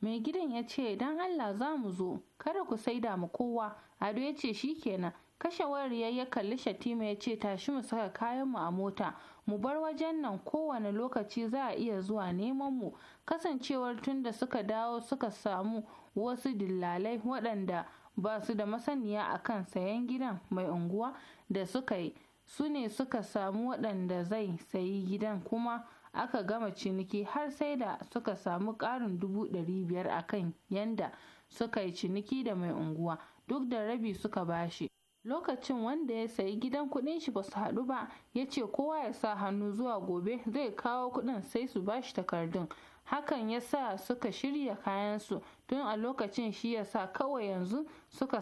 mai gidan ya ce don allah za mu zo kada ku saida ma kowa ado ya ce shi kenan kashe wayar ya kalli shatima ya ce tashi mu saka kayanmu a mota mu bar wajen nan kowane lokaci za a iya zuwa neman mu kasancewar tun da suka dawo suka samu wasu dillalai waɗanda ba su da masaniya a kan sayan gidan mai unguwa da suka yi su ne suka samu waɗanda zai sayi gidan kuma aka gama ciniki har sai da suka samu ƙarin dubu ɗari biyar a kan yanda suka yi ciniki da mai unguwa duk da rabi suka bashi lokacin wanda ya sayi gidan kudin shi ba su haɗu ba ya ce kowa ya sa hannu zuwa gobe zai kawo kudin sai su ba shi takardun hakan ya sa suka shirya kayansu tun a lokacin shi ya sa kawai yanzu suka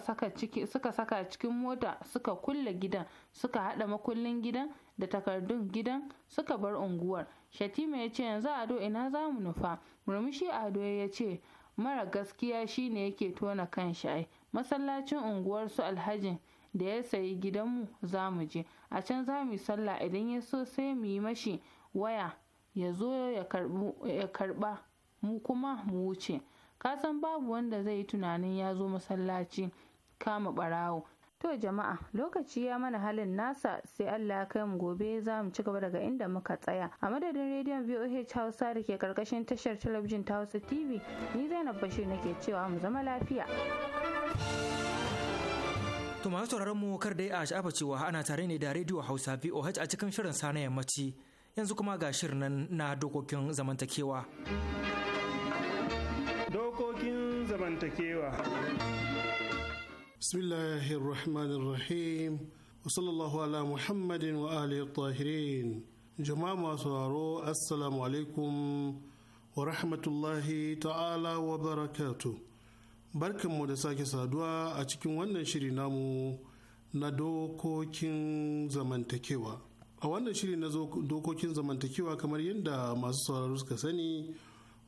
saka cikin mota suka kulle gidan suka haɗa makullin gidan da takardun gidan suka bar unguwar shatima ya ce yanzu ado ina za mu nufa murmushi ado ya ce mara gaskiya shine yake tona kan shi ai masallacin unguwar su alhajin da ya sayi gidanmu za mu je a can za mu yi sallah idan ya so sai mu yi mashi waya ya zo ya karba mu kuma mu wuce ka san babu wanda zai yi tunanin ya zo masallaci kama barawo to jama'a lokaci ya mana halin nasa sai allah kai mu gobe za mu ci gaba daga inda muka tsaya a madadin rediyon voh hausa da ke karkashin tashar talabijin ta hausa tv ni zainab bashir nake cewa mu zama lafiya To masu sauraron mu kar dai a sha'afa cewa ana tare ne da Radio Hausa VOH a cikin shirin sa na yammaci. Yanzu kuma ga shirin nan na dokokin zamantakewa. Dokokin zamantakewa. Bismillahirrahmanirrahim. Wa sallallahu ala Muhammadin wa alihi tahirin. Jama'a masu sauraro Assalamu alaikum wa rahmatullahi ta'ala wa barakatuh. barkanmu da sake saduwa a cikin wannan shiri namu na dokokin zamantakewa a wannan shiri na dokokin zamantakewa kamar yadda masu sauraro suka sani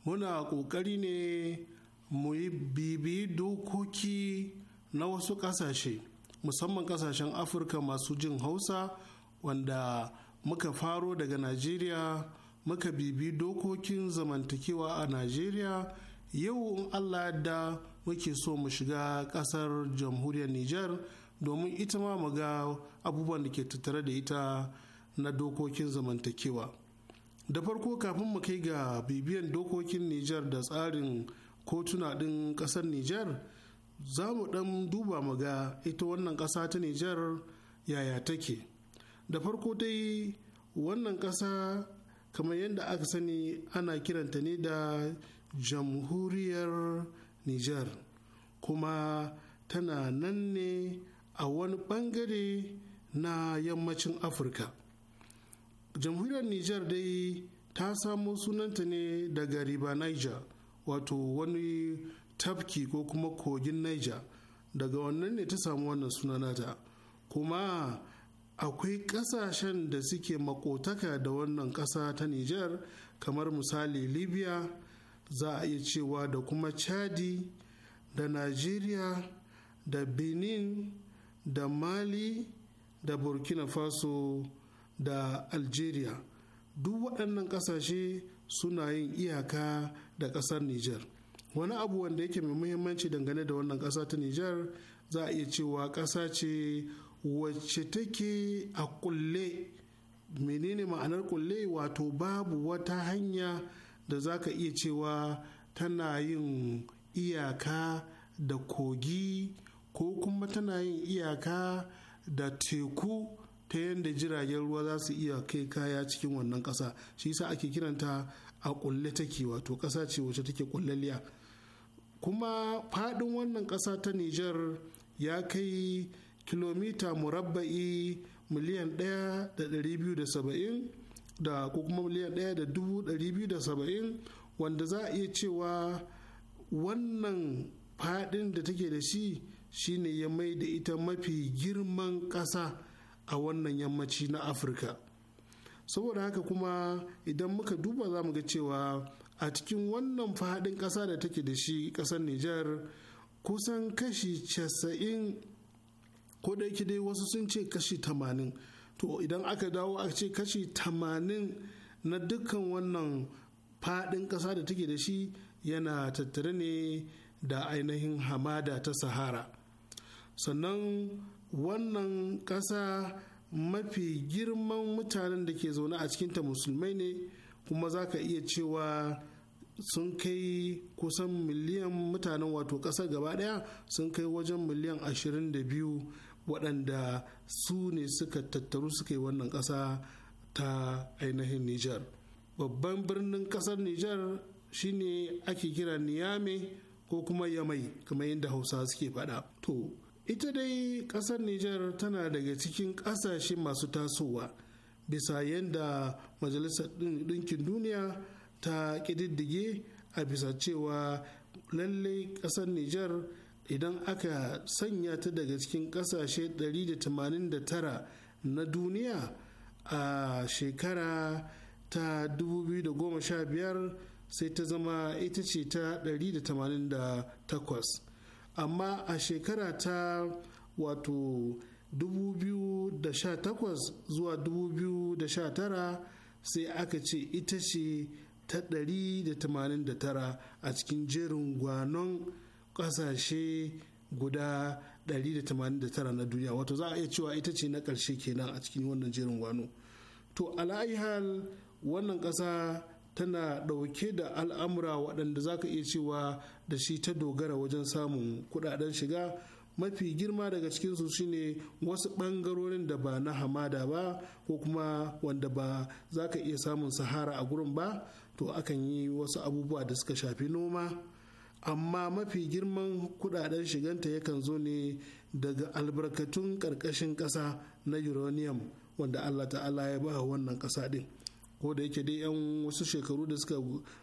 muna ƙoƙari ne mu yi bibi dokoki na wasu ƙasashe musamman ƙasashen afirka masu jin hausa wanda muka faro daga najeriya muka bibi dokokin zamantakewa a najeriya yau in allah da muke so mu shiga kasar jamhuriyar Nijar domin ita ma mu ga abubuwan da ke tattare da ita na dokokin zamantakewa da farko kafin mu kai ga bibiyan dokokin Nijar da tsarin kotuna ɗin ƙasar Nijar za mu ɗan duba mu ga ita wannan ƙasa ta Nijar yaya take da farko dai wannan ƙasa kamar yadda aka sani ana kiranta ne da jamhuriyar Nijar kuma tana nan ne a wani bangare na yammacin Afirka. Jamhuriyar Nijar dai ta samo sunanta ne daga riba Niger wato wani tafki ko kuma kogin Niger daga wannan ne ta samu wannan sunanata kuma akwai ƙasashen da suke makotaka da wannan ƙasa ta Nijar kamar misali Libya za a iya cewa da kuma chadi da nigeria da benin da mali da burkina faso da algeria duk waɗannan ƙasashe suna yin iyaka da ƙasar niger wani abu wanda yake mai muhimmanci dangane da wannan ƙasa ta niger za a iya cewa ƙasa ce wacce take a kulle menene ma'anar kulle wato babu wata hanya da za ka iya cewa tana yin iyaka da kogi ko kuma tana yin iyaka da teku ta yadda jiragen ruwa za su iya kai kaya cikin wannan ƙasa shi yasa ake kiranta a kulle take wato ƙasa ce wacce take kullaliya kuma faɗin wannan ƙasa ta Niger ya kai kilomita murabba'i miliyan 1,270 da ko kuma miliyan ɗaya da dubu ɗari biyu da saba'in wanda za a iya cewa wannan faɗin da take da shi shine ya mai da ita mafi girman ƙasa a wannan yammaci na afirka saboda haka kuma idan muka duba za mu ga cewa a cikin wannan faɗin ƙasa da take da shi ƙasar nijar kusan kashi 90 ko da dai wasu sun ce kashi tamanin to idan aka dawo a ce kashi tamanin na dukkan wannan fadin kasa da take da shi yana tattare ne da ainihin hamada ta sahara sannan wannan kasa mafi girman mutanen da ke zaune a cikinta musulmai ne kuma za ka iya cewa sun kai kusan miliyan mutanen wato ƙasar gaba ɗaya sun kai wajen miliyan 22 waɗanda su ne suka tattaru suka yi wannan ƙasa ta ainihin Nijar. Babban birnin ƙasar Nijar shine ake kira Niyame ko kuma Yamai kamar yadda Hausa suke faɗa. To, ita dai ƙasar Nijar tana daga cikin ƙasashe masu tasowa bisa yadda Majalisar Ɗinkin Duniya ta ƙididdige a bisa cewa lallai ƙasar Nijar idan aka sanya ta daga cikin kasashe 189 na duniya a shekara ta 2015 sai ta zama ita ce ta 188 amma a shekara ta wato 2018 zuwa 2019 sai aka ce ita ce ta 189 a cikin jerin gwanon kasashe guda 189 na duniya wato za a iya cewa ita ce na ƙarshe kenan a cikin wannan jerin gwano to hal wannan ƙasa tana ɗauke da al'amura waɗanda za ka iya cewa da shi ta dogara wajen samun kuɗaɗen shiga mafi girma daga cikinsu shine wasu ɓangarorin da ba na hamada ba ko kuma wanda ba za ka iya samun sahara a gurin ba to akan yi wasu abubuwa da suka shafi noma amma mafi girman kudaden shiganta yakan zo ne daga albarkatun karkashin kasa na uranium wanda allah ta'ala ya ba wannan kasa din. ko da yake dai 'yan wasu shekaru da suka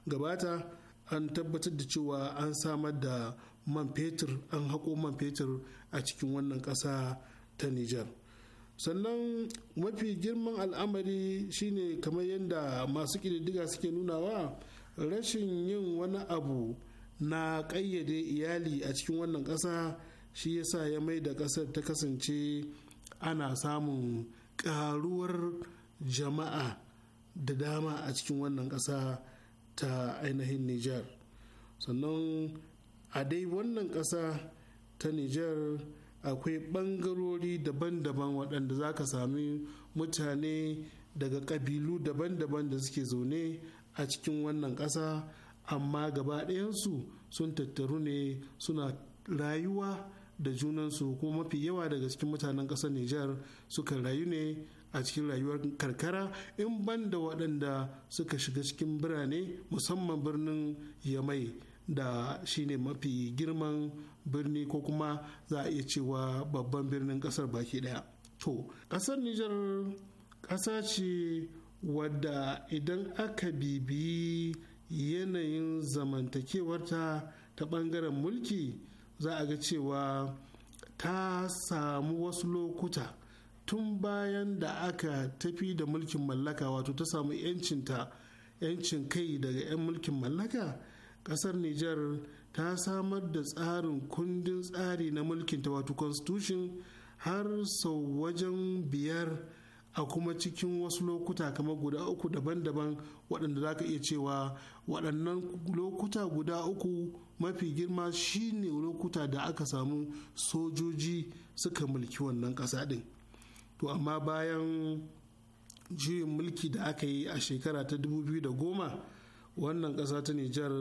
gabata an tabbatar da cewa an samar da man fetur an haƙo man fetur a cikin wannan ƙasa ta nijar. sannan mafi girman al'amari shine kamar yadda masu ƙididdiga suke nunawa rashin yin wani abu na ƙayyade iyali a cikin wannan ƙasa shi yasa ya mai da ƙasar ta kasance ana samun ƙaruwar jama'a da dama a cikin wannan ƙasa ta ainihin Nijar. sannan a dai wannan ƙasa ta Nijar akwai ɓangarori daban-daban waɗanda za ka sami mutane daga ƙabilu daban-daban da suke zaune a cikin wannan ƙasa amma gaba ɗayansu sun tattaru ne suna rayuwa da junansu kuma mafi yawa daga cikin mutanen ƙasar Nijar suka rayu ne a cikin rayuwar karkara in ban da waɗanda suka shiga cikin birane musamman birnin yamai da shine mafi girman birni ko kuma za a iya cewa babban birnin ƙasar baki ɗaya to ƙasar Nijar ƙasa ce wadda idan aka bibiyi yanayin zamantakewarta ta bangaren mulki za a ga cewa ta samu wasu lokuta tun bayan da aka tafi da mulkin mallaka wato ta samu yancinta yancin kai daga 'yan mulkin mallaka Ƙasar niger ta samar da tsarin kundin tsari na mulkinta wato constitution har sau wajen biyar a kuma cikin wasu lokuta kamar guda uku daban-daban waɗanda za ka iya cewa waɗannan lokuta guda uku mafi girma shine lokuta da aka samu sojoji suka mulki wannan ƙasa ɗin to amma bayan juyin mulki da aka yi a shekara ta 2010 wannan ƙasa ta nijar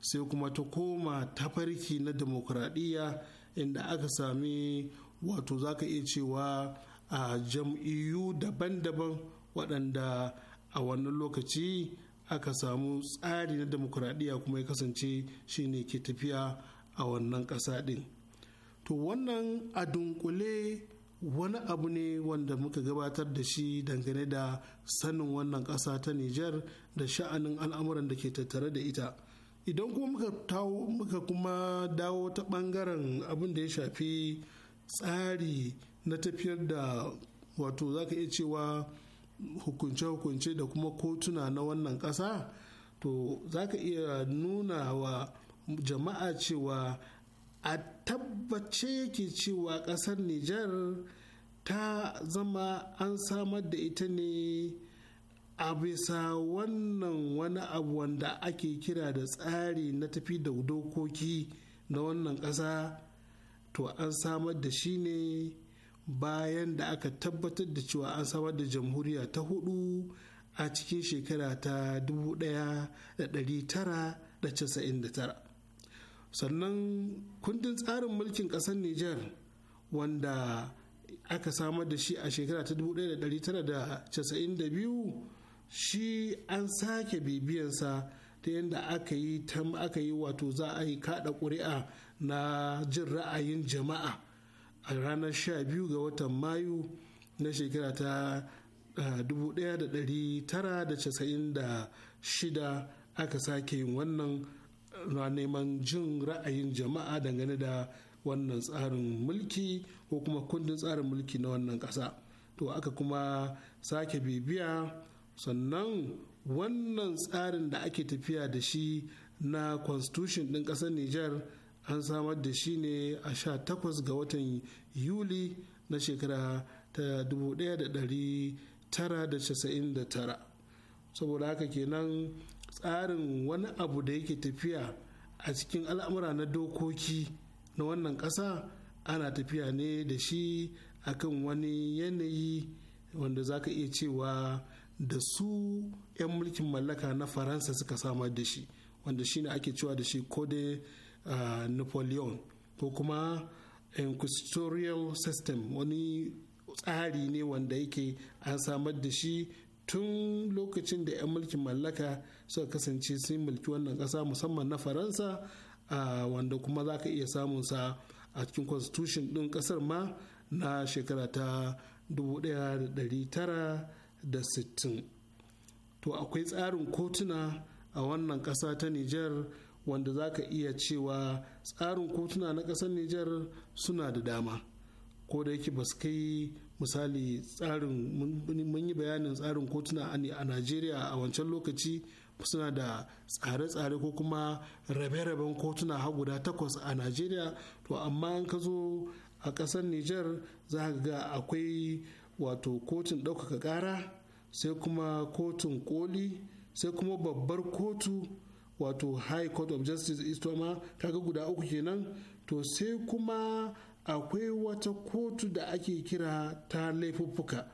sai kuma ta koma ta farki na demokuraɗiyya inda aka sami wato za ka iya cewa a jam'iyyu daban-daban waɗanda a wannan lokaci aka samu tsari na demokuraɗiyya kuma ya kasance shine ke tafiya a wannan ƙasa ɗin to wannan a dunkule wani abu ne wanda muka gabatar da shi dangane da sanin wannan ƙasa ta Nijar da sha'anin al'amuran da ke tattare da ita idan kuma muka, muka kuma dawo ta ɓangaren abin da ya shafi tsari na tafiyar da wato za ka iya cewa hukunce-hukunce da kuma kotuna na wannan ƙasa to za ka iya nuna wa jama'a cewa a tabbace yake cewa ƙasar Nijar ta zama an samar da ita ne a bisa wannan wani abu wanda ake kira da tsari na tafi da dokoki na wannan ƙasa to an samar da shi ne bayan da aka tabbatar da cewa an samar da jamhuriya ta hudu a cikin shekara ta 1999 sannan kundin tsarin mulkin ƙasar niger wanda aka samar da shi a shekara ta 1992 shi an sake bibiyansa ta yadda aka yi wato za a yi kada ƙuri'a na jin ra'ayin jama'a a ranar 12 ga watan mayu na shekara ta 1996 aka sake yin wannan na neman jin ra'ayin jama'a dangane da wannan tsarin mulki ko kuma kundin tsarin mulki na wannan ƙasa to aka kuma sake bibiya sannan wannan tsarin da ake tafiya da shi na constitution ɗin ƙasar niger an samar da shi ne a sha takwas ga watan yuli na shekara ta dubu daya da da da dari tara casa'in tara saboda haka kenan tsarin wani abu da yake tafiya a cikin al'amura na dokoki na wannan ƙasa ana tafiya ne da shi akan wani yanayi wanda za ka iya cewa da su 'yan mulkin mallaka na faransa suka samar da shi wanda shine ake cewa da shi code Uh, napoleon ko kuma inquisitorial system wani tsari ne wanda yake an samar da shi tun lokacin da 'yan mulkin mallaka suka kasance sun mulki wannan ƙasa musamman na faransa uh, wanda kuma za ka iya samunsa a cikin constitution ɗin ƙasar ma na shekara ta 1960 to akwai tsarin kotuna a wannan ƙasa ta niger wanda za ka iya cewa tsarin kotuna na ƙasar Nijar suna da dama ko da yake ba su kai misali tsarin mun yi bayanin tsarin kotuna a Najeriya a wancan lokaci suna da tsare-tsare ko kuma rabe-raben kotuna har guda takwas a Najeriya to amma an ka zo a ƙasar Nijar za ka ga akwai wato kotun ɗaukaka ƙara sai kuma kotun koli sai kuma babbar kotu wato high court of justice ita ma ga guda uku kenan to sai kuma akwai wata kotu da ake kira ta laifuffuka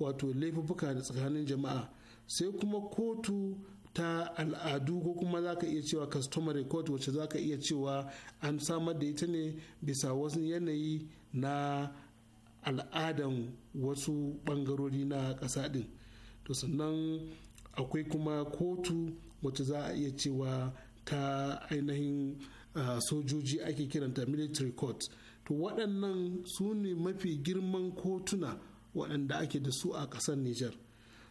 wato laifuffuka da tsakanin jama'a sai kuma kotu ta al'adu ko kuma za ka iya cewa customary court wacce za ka iya cewa an samar da ita ne bisa wasu yanayi na al'adan wasu bangarori na ƙasa ɗin to sannan akwai kuma kotu wacce za a iya cewa ta ainihin sojoji ake kiranta military court to waɗannan su ne mafi girman kotuna waɗanda ake da su a ƙasar Nijar.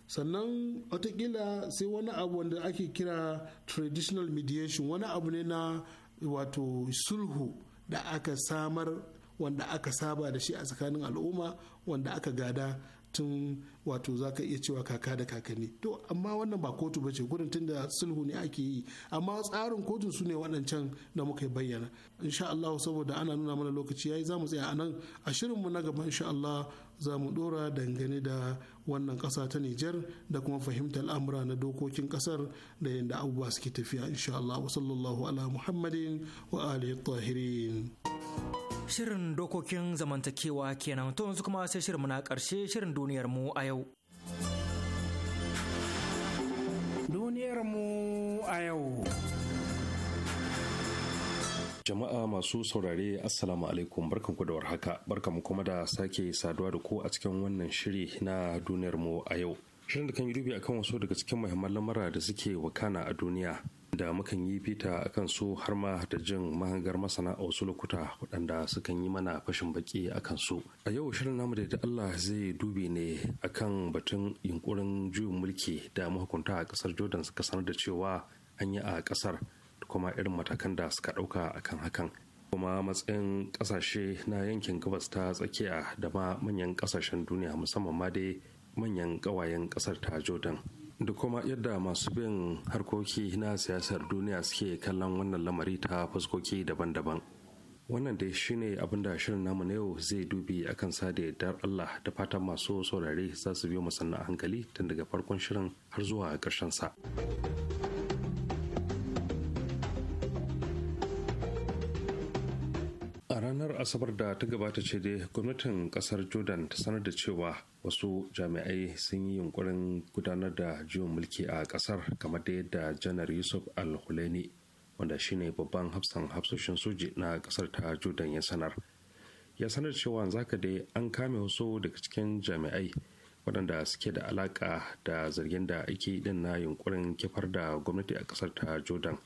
sannan watakila sai wani abu wanda ake kira traditional mediation wani abu ne na wato sulhu da aka samar wanda aka saba da shi a tsakanin al'umma wanda aka gada tun wato za ka iya cewa kaka da kakanni to amma wannan ba kotu ba ce gudun tunda sulhu ne ake yi amma tsarin kotun su ne waɗancan da muka bayyana insha Allah saboda ana nuna mana lokaci yayi za mu tsaya a nan a na gaba insha Allah za mu dora dangane da wannan ƙasa ta Nijar da kuma fahimtar al'amura na dokokin ƙasar da yadda abubuwa suke tafiya insha Allah wa sallallahu ala Muhammadin wa alihi tahirin. Shirin dokokin zamantakewa kenan to yanzu kuma sai shirin na ƙarshe shirin duniyar mu a yau Duniyarmu a yau. Jama'a masu saurare Assalamu alaikum barkanku da warhaka mu kuma da sake saduwa da ku a cikin wannan shiri na duniyarmu a yau. Shirin da kan yi dubi akan wasu daga cikin muhimman lamura da suke wakana a duniya da mukan yi fita a kan su har ma da jin mahangar masana a wasu lokuta waɗanda sukan yi mana fashin baki a kan su a yau shirin namu da da Allah zai dube ne akan batun yunkurin juyin mulki da mahukunta a ƙasar Jordan suka sanar da cewa an yi a ƙasar da kuma irin matakan da suka ɗauka akan hakan kuma matsayin ƙasashe na yankin gabas ta tsakiya da ma manyan ƙasashen duniya musamman ma dai manyan ƙawayen ƙasar ta Jordan. da kuma yadda masu bin harkoki na siyasar duniya suke kallon wannan lamari ta fuskoki daban-daban wannan dai shine abin da shirin namu na yau zai dubi akan sa da yardar Allah da fatan masu saurare za su biyo masana hankali tun daga farkon shirin har zuwa ƙarshen sa. asabar da ta gabata ce dai gwamnatin kasar jordan ta sanar da cewa wasu jami'ai sun yi yunkurin gudanar da jiwon mulki a kasar kamar da yadda janar yusuf al-hulaini wanda shine babban hafsan hafsoshin soji na kasar ta jordan ya sanar ya sanar cewa zaka dai an kame wasu daga cikin jami'ai waɗanda suke da alaƙa da zargin da ake yi na yunkurin kifar da gwamnati a kasar ta jordan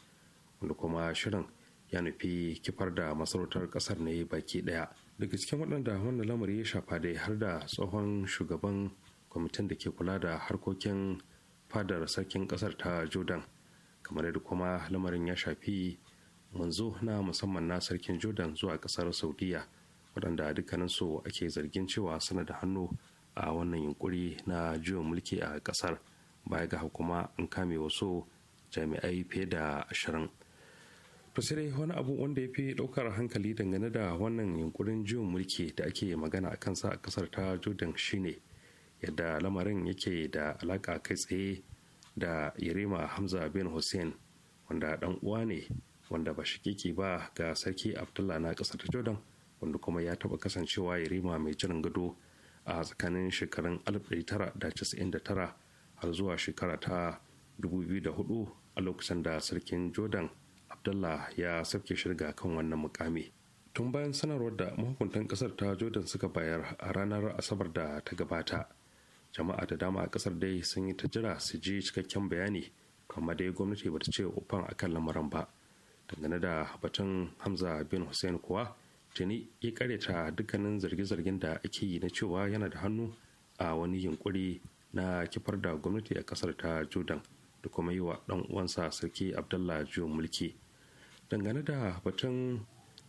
wanda kuma shirin ya nufi kifar da masarautar kasar ne baki daya daga cikin waɗanda wannan lamari ya shafa dai har da tsohon shugaban kwamitin da ke kula da harkokin fadar sarkin kasar ta jordan kamar yadda kuma lamarin ya shafi manzo na musamman na sarkin jordan zuwa kasar saudiya waɗanda dukkaninsu ake zargin cewa suna da hannu a wannan yunkuri na juyin mulki a kasar baya ga kuma an kame wasu jami'ai fiye da ashirin to sai wani abu wanda ya fi daukar hankali dangane da wannan yunkurin jiwon mulki da ake magana a kansa a kasar ta jordan shine yadda lamarin yake da alaka kai tsaye da yarima hamza bin hussein wanda dan uwa ne wanda ba shakiki ba ga sarki abdullah na ƙasar ta jordan wanda kuma ya taba kasancewa yarima mai jiran gado a tsakanin shekarun 1999 har zuwa shekara ta 2004 a lokacin da sarkin jordan abdullah ya sabke shirga kan wannan mukami tun bayan sanarwar da mahukuntan kasar ta jordan suka bayar a ranar asabar da ta gabata jama'a da dama a kasar dai sun yi ta jira su ji cikakken bayani kamar dai gwamnati bata ce ufan akan lamarin ba dangane da batun hamza bin hussein kuwa tuni ya karyata dukkanin zarge-zargen da ake yi na cewa yana da hannu a wani yunkuri na kifar da gwamnati a kasar ta jordan da kuma yi wa ɗan uwansa sarki abdullah juyin mulki dangane da batun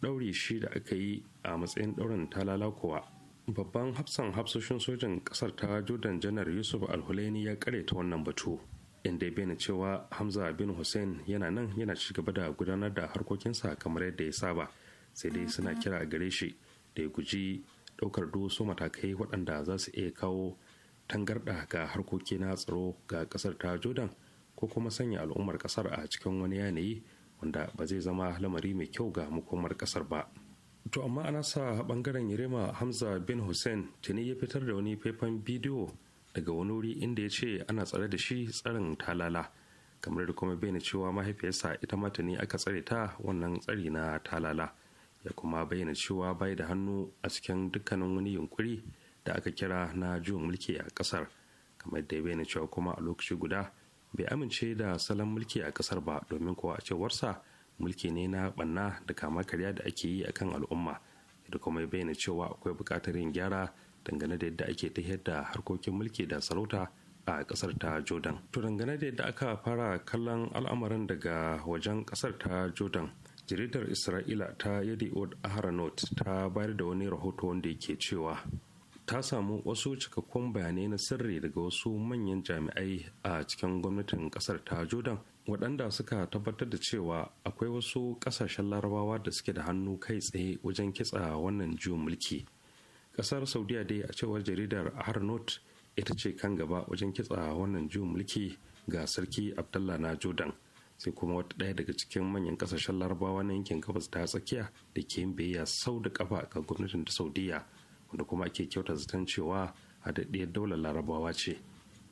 ɗaure shi da aka yi a matsayin ɗaurin talala kuwa babban hafsan hafsoshin sojan ƙasar ta jordan janar yusuf Al-Hulaini ya kare ta wannan batu inda ya bayyana cewa hamza bin hussein yana nan yana ci gaba da gudanar da harkokinsa kamar yadda ya saba sai dai suna mm-hmm. kira gare shi da ya guji ɗaukar doso matakai waɗanda za su iya kawo tangarɗa ga harkoki na tsaro ga ƙasar ta jordan ko kuma sanya al'ummar ƙasar a cikin wani yanayi wanda ba zai zama lamari mai kyau ga makomar kasar ba to amma ana sa bangaren yarema hamza bin hussein tuni ya fitar da wani faifan bidiyo daga wani wuri inda ya ce ana tsare da shi tsarin talala kamar da kuma bayyana cewa mahaifiyarsa ita ma tuni aka tsare ta wannan tsari na talala ya kuma bayyana cewa bai da hannu a cikin dukkanin wani yunkuri da aka kira na juyin mulki a ƙasar kamar da ya bayyana cewa kuma a lokaci guda bai amince da salon mulki a kasar ba domin kuwa a cewarsa mulki ne na banna da kama karya da ake yi akan al'umma da kuma ya bayyana cewa akwai buƙatar yin gyara dangane da yadda ake ta da harkokin mulki da sarauta a kasar ta jordan to dangane da yadda aka fara kallon al'amarin daga wajen kasar ta jordan jaridar isra'ila ta yadi od Not ta bayar da wani rahoto wanda yake cewa ta samu wasu cikakkun bayanai na sirri daga wasu manyan jami'ai a cikin gwamnatin kasar ta jordan waɗanda suka tabbatar da cewa akwai wasu ƙasashen larabawa da suke da hannu kai tsaye wajen kitsa wannan juyin mulki ƙasar saudiya dai a cewar jaridar harnot ita ce kan gaba wajen kitsa wannan juyin mulki ga sarki abdullah na jordan sai kuma wata ɗaya daga cikin manyan ƙasashen larabawa na yankin gabas ta tsakiya da ke yin biyayya sau da ƙafa ga gwamnatin ta saudiya wanda kuma ake kyauta zaton cewa haɗaɗɗiyar daular larabawa ce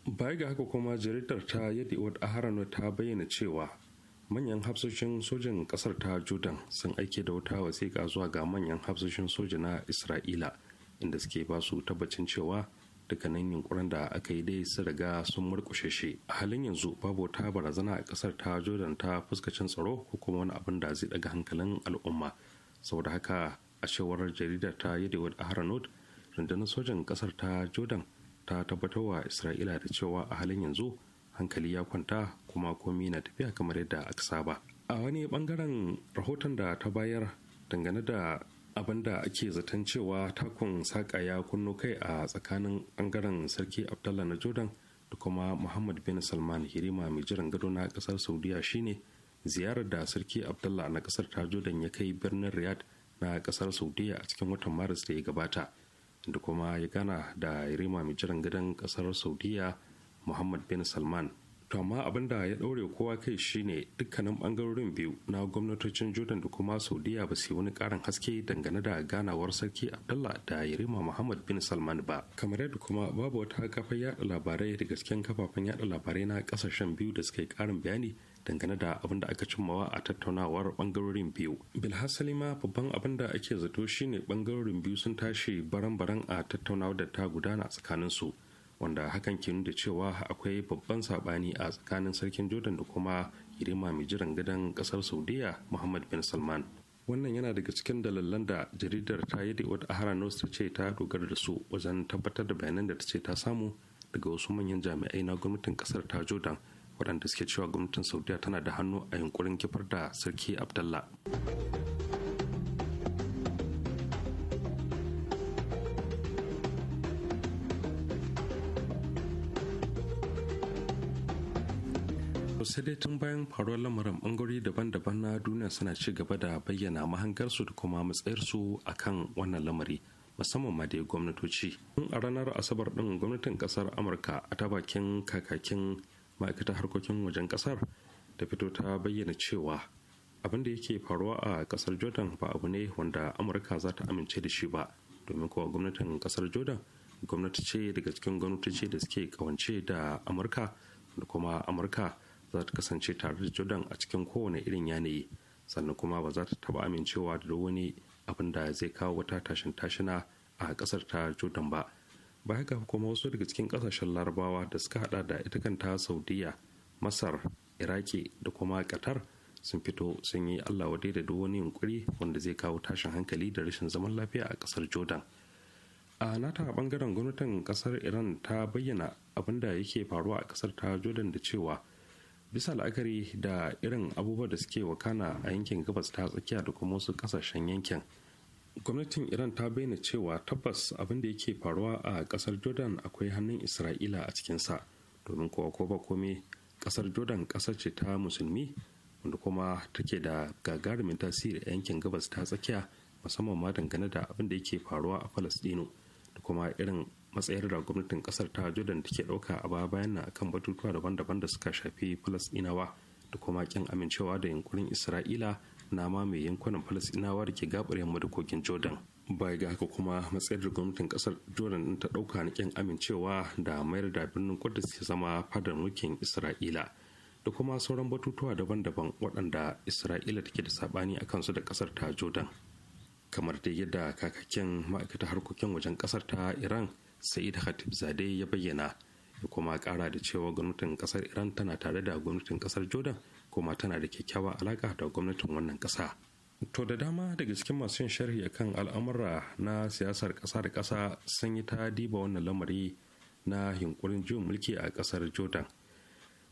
baya ga haka kuma jaridar ta yadda iwad aharano ta bayyana cewa manyan hafsoshin sojin ƙasar ta jordan sun aike da wata wasiƙa zuwa ga manyan hafsoshin soja na isra'ila inda suke ba su tabbacin cewa nan yunkurin da aka yi dai sun riga sun murkushe shi a halin yanzu babu wata barazana a ƙasar ta jordan ta fuskacin tsaro ko kuma wani abin da zai ɗaga hankalin al'umma saboda haka a cewar jaridar ta yadewa aharanot rundunar sojan kasar ta jordan ta tabbatar wa isra'ila da cewa a halin yanzu hankali ya kwanta kuma komi na tafiya kamar yadda aka saba a wani bangaren rahoton da ta bayar dangane da abin ake zaton cewa takun saƙa ya kunno kai a tsakanin bangaren sarki abdallah na jordan da kuma muhammad bin salman hirima mai jiran gado na kasar saudiya shine ziyarar da sarki abdallah na kasar ta jordan ya kai birnin riyadh na kasar saudiya a cikin watan maris da ya gabata da kuma ya gana da yarima mai jiran gidan kasar saudiya muhammad bin salman to amma abin da ya ɗaure kowa kai shine dukkanin bangarorin biyu na gwamnatocin jordan da kuma saudiya ba su wani karin haske dangane da ganawar sarki abdullah da yarima muhammad bin salman ba kamar yadda kuma babu wata kafar yada labarai da gasken kafafen yada labarai na kasashen biyu da suka yi karin bayani dangane da abin da aka cimmawa a tattaunawar bangarorin biyu bilhassali ma babban abin da ake zato shine bangarorin biyu sun tashi baran-baran a tattaunawar da ta gudana tsakanin su wanda hakan ke nuna cewa akwai babban sabani a tsakanin sarkin jordan da kuma girma mai jiran gidan kasar saudiya muhammad bin salman wannan yana daga cikin dalilan da jaridar ta yi da wata ahara ta ce ta dogara da su wajen tabbatar da bayanan da ta ce ta samu daga wasu manyan jami'ai na gwamnatin kasar ta jordan waɗanda suke cewa gwamnatin saudiya tana da hannu a yunkurin kifar da sarki abdallah sai dai tun bayan faruwar lamarin bangare daban-daban na duniya suna ci gaba da bayyana mahangarsu da kuma matsayarsu a kan wannan lamari musamman ma dai gwamnatoci tun a ranar asabar din gwamnatin kasar amurka a ta bakin kakakin ma'aikatar harkokin wajen kasar ta fito ta bayyana cewa abin da yake faruwa a kasar jordan ba abu ne wanda amurka za ta amince da shi ba domin kuwa gwamnatin kasar jordan gwamnati ce daga cikin ce da suke kawance da amurka da kuma amurka za ta kasance tare da jordan a cikin kowane irin yanayi sannan kuma ba za ta taba amincewa da wani abin da zai kawo wata tashin tashina a kasar ta jordan ba baya ga kuma wasu daga cikin kasashen larabawa da suka hada da ita kanta saudiya masar iraki da kuma qatar sun fito sun yi allah wadai da wani yunkuri wanda zai kawo tashin hankali da rashin zaman lafiya a kasar jordan a nata a bangaren gwamnatin kasar iran ta bayyana abin da yake faruwa a kasar ta jordan da cewa bisa la'akari da irin abubuwa da suke wakana a yankin gabas ta tsakiya da kuma wasu kasashen yankin gwamnatin iran ta bayyana cewa tabbas abin da yake faruwa a kasar jordan akwai hannun isra'ila a cikinsa domin kowa ko ba kome kasar jordan kasar ce ta musulmi wanda kuma take da gagarumin tasiri a yankin gabas ta tsakiya musamman ma dangane da abin da yake faruwa a falastino da kuma irin matsayar da gwamnatin kasar ta jordan take dauka a baya bayan nan akan batutuwa daban-daban da suka shafi falastinawa da kuma kin amincewa da yunkurin isra'ila na mamaye yankunan inawa da ke gabar yamma da kogin jordan baya ga haka kuma matsayar da gwamnatin kasar jordan ta ɗauka na kyan amincewa da mayar da birnin kudus ya zama fadar mulkin isra'ila da kuma sauran batutuwa daban-daban waɗanda isra'ila take da saɓani a kansu da ƙasar ta jordan kamar dai yadda kakakin ma'aikata harkokin wajen ƙasar ta iran sa'id hatib zade ya bayyana ya kuma kara da cewa gwamnatin ƙasar iran tana tare da gwamnatin ƙasar jordan kuma tana da kyakkyawa alaƙa da gwamnatin wannan ƙasa to da dama daga cikin masu yin sharhi akan al'amura na siyasar ƙasa da ƙasa sun yi ta diba wannan lamari na yunkurin juyin mulki a ƙasar jordan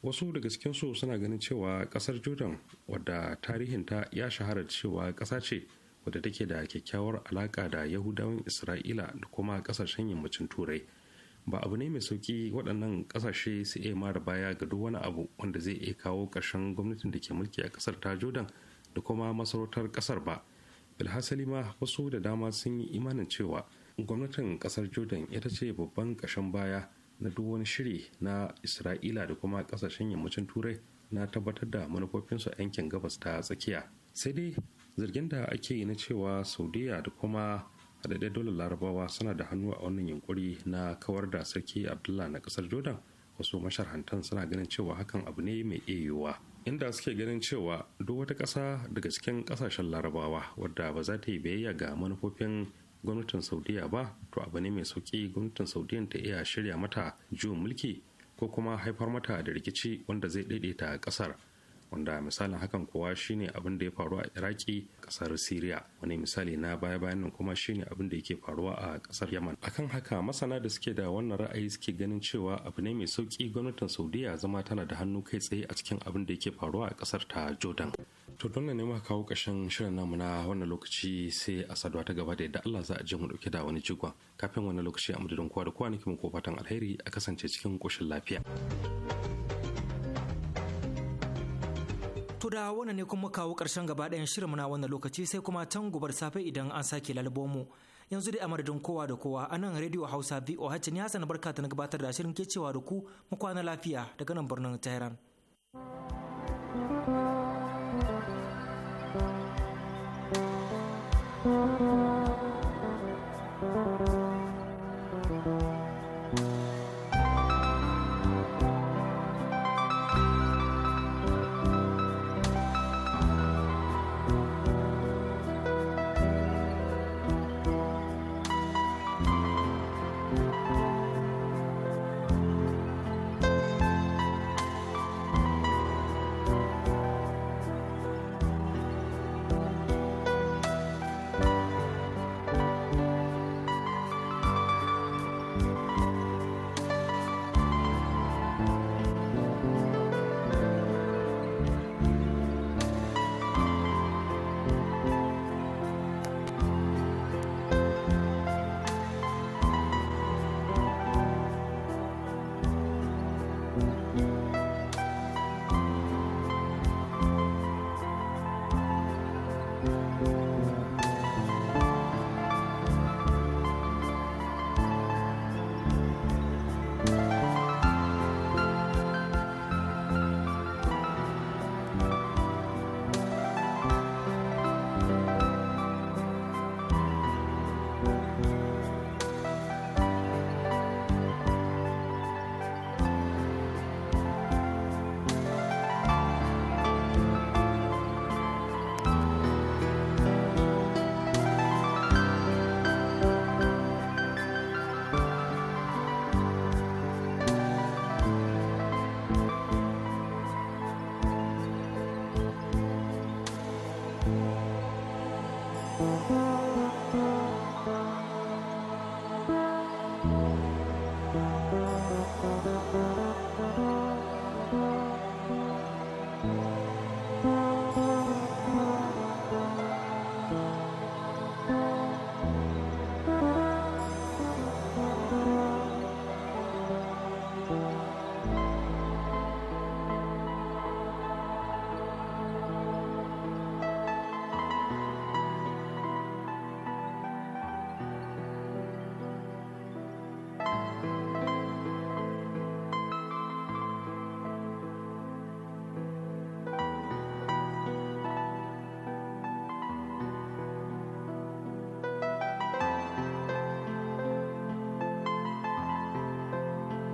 wasu daga cikin su suna ganin cewa ƙasar jordan wadda tarihinta ya shahara cewa ƙasa ce wadda take da kyakkyawar alaƙa da yahudawan isra'ila da kuma ƙasashen yammacin turai ba abu ne mai sauki waɗannan ƙasashe su iya mara baya ga duk wani abu wanda zai iya kawo ƙarshen gwamnatin da ke mulki a ƙasar ta jordan da kuma masarautar ƙasar ba bilhassali ma wasu da dama sun yi imanin cewa gwamnatin ƙasar jordan ita ce babban ƙashin baya na duk wani shiri na isra'ila da kuma ƙasashen yammacin turai na tabbatar da manufofinsu a yankin gabas ta tsakiya sai dai zargin da ake yi na cewa saudiya da kuma haɗaɗɗen dole larabawa suna da hannu a wannan yunkuri na kawar da sarki abdullah na ƙasar jordan wasu masharhantan suna ganin cewa hakan abu ne mai iya inda suke ganin cewa duk wata ƙasa daga cikin ƙasashen larabawa wadda ba za ta yi biyayya ga manufofin gwamnatin saudiya ba to abu ne mai sauƙi gwamnatin saudiyan ta iya shirya mata juyin mulki ko kuma haifar mata da rikici wanda zai daidaita ƙasar wanda misalin hakan kuwa shine abin da ya faru a iraki kasar syria wani misali na baya bayan nan kuma shine abin da yake faruwa a kasar yaman akan haka masana da suke da wannan ra'ayi suke ganin cewa abu ne mai sauki gwamnatin saudiya zama tana da hannu kai tsaye a cikin abin da yake faruwa a kasar ta jordan to don ne muka kawo ƙarshen shirin namu na wannan lokaci sai a saduwa ta gaba da yadda allah za a je mu dauke da wani jigon kafin wannan lokaci a madadin kowa da kowa nake muku fatan alheri a kasance cikin koshin lafiya da wannan ne kuma kawo ƙarshen gaba ɗayan shirin na wannan lokaci sai kuma can gubar safe idan an sake lalbomu yanzu dai a kowa da kowa a nan rediyo hausa voh ne hassan barka ta na gabatar da shirin ke cewa da ku mu kwana lafiya daga nan birnin tehran.